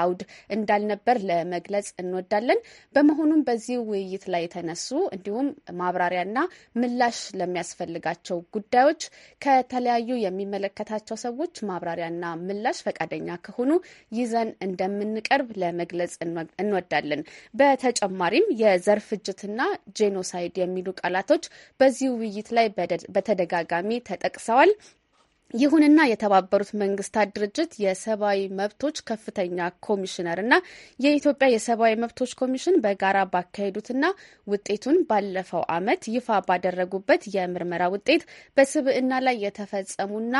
አውድ እንዳልነበር ለመግለጽ እንወዳለን። በመሆኑም በዚህ ውይይት ላይ የተነሱ እንዲሁም ማብራሪያና ምላሽ ለሚያስፈልጋቸው ጉዳዮች ከተለያዩ የሚመለከታቸው ሰዎች ማብራሪያና ምላሽ ፈቃደኛ ከሆኑ ይዘን እንደምንቀርብ ለመግለጽ እንወዳለን። በተጨማሪም የዘር ፍጅትና ጄኖሳይድ የሚሉ ቃላቶች በዚህ ውይይት ላይ በተደጋጋሚ ተጠቅሰዋል። ይሁንና የተባበሩት መንግስታት ድርጅት የሰብአዊ መብቶች ከፍተኛ ኮሚሽነር እና የኢትዮጵያ የሰብአዊ መብቶች ኮሚሽን በጋራ ባካሄዱትና ውጤቱን ባለፈው ዓመት ይፋ ባደረጉበት የምርመራ ውጤት በስብዕና ላይ የተፈጸሙና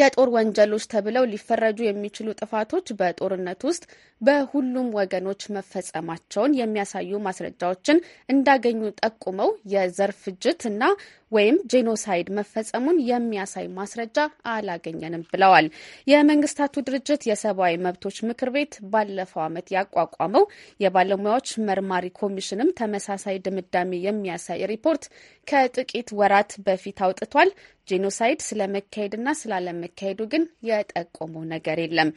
የጦር ወንጀሎች ተብለው ሊፈረጁ የሚችሉ ጥፋቶች በጦርነት ውስጥ በሁሉም ወገኖች መፈጸማቸውን የሚያሳዩ ማስረጃዎችን እንዳገኙ ጠቁመው የዘር ፍጅት እና ወይም ጄኖሳይድ መፈጸሙን የሚያሳይ ማስረጃ አላገኘንም ብለዋል። የመንግስታቱ ድርጅት የሰብአዊ መብቶች ምክር ቤት ባለፈው ዓመት ያቋቋመው የባለሙያዎች መርማሪ ኮሚሽንም ተመሳሳይ ድምዳሜ የሚያሳይ ሪፖርት ከጥቂት ወራት በፊት አውጥቷል። ጄኖሳይድ ስለመካሄድና ስላለመካሄዱ ግን የጠቆመው ነገር የለም።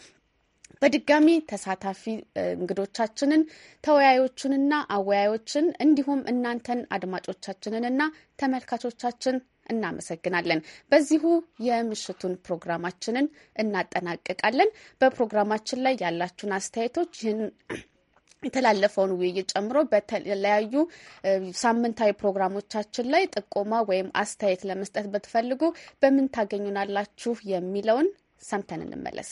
በድጋሚ ተሳታፊ እንግዶቻችንን ተወያዮቹንና አወያዮችን እንዲሁም እናንተን አድማጮቻችንንና ተመልካቾቻችን እናመሰግናለን። በዚሁ የምሽቱን ፕሮግራማችንን እናጠናቀቃለን። በፕሮግራማችን ላይ ያላችሁን አስተያየቶች ይህን የተላለፈውን ውይይት ጨምሮ በተለያዩ ሳምንታዊ ፕሮግራሞቻችን ላይ ጥቆማ ወይም አስተያየት ለመስጠት ብትፈልጉ በምን ታገኙናላችሁ የሚለውን ሰምተን እንመለስ።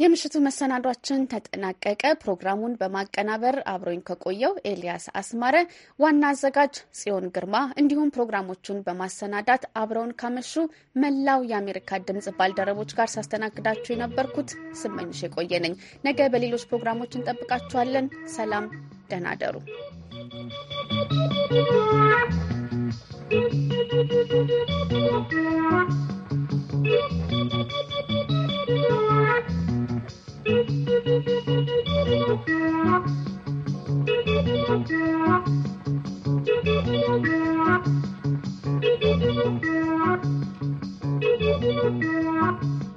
የምሽቱ መሰናዷችን ተጠናቀቀ። ፕሮግራሙን በማቀናበር አብሮኝ ከቆየው ኤልያስ አስማረ፣ ዋና አዘጋጅ ጽዮን ግርማ እንዲሁም ፕሮግራሞቹን በማሰናዳት አብረውን ካመሹ መላው የአሜሪካ ድምጽ ባልደረቦች ጋር ሳስተናግዳችሁ የነበርኩት ስመኝሽ የቆየ ነኝ። ነገ በሌሎች ፕሮግራሞች እንጠብቃችኋለን። ሰላም፣ ደህና አደሩ። Kun,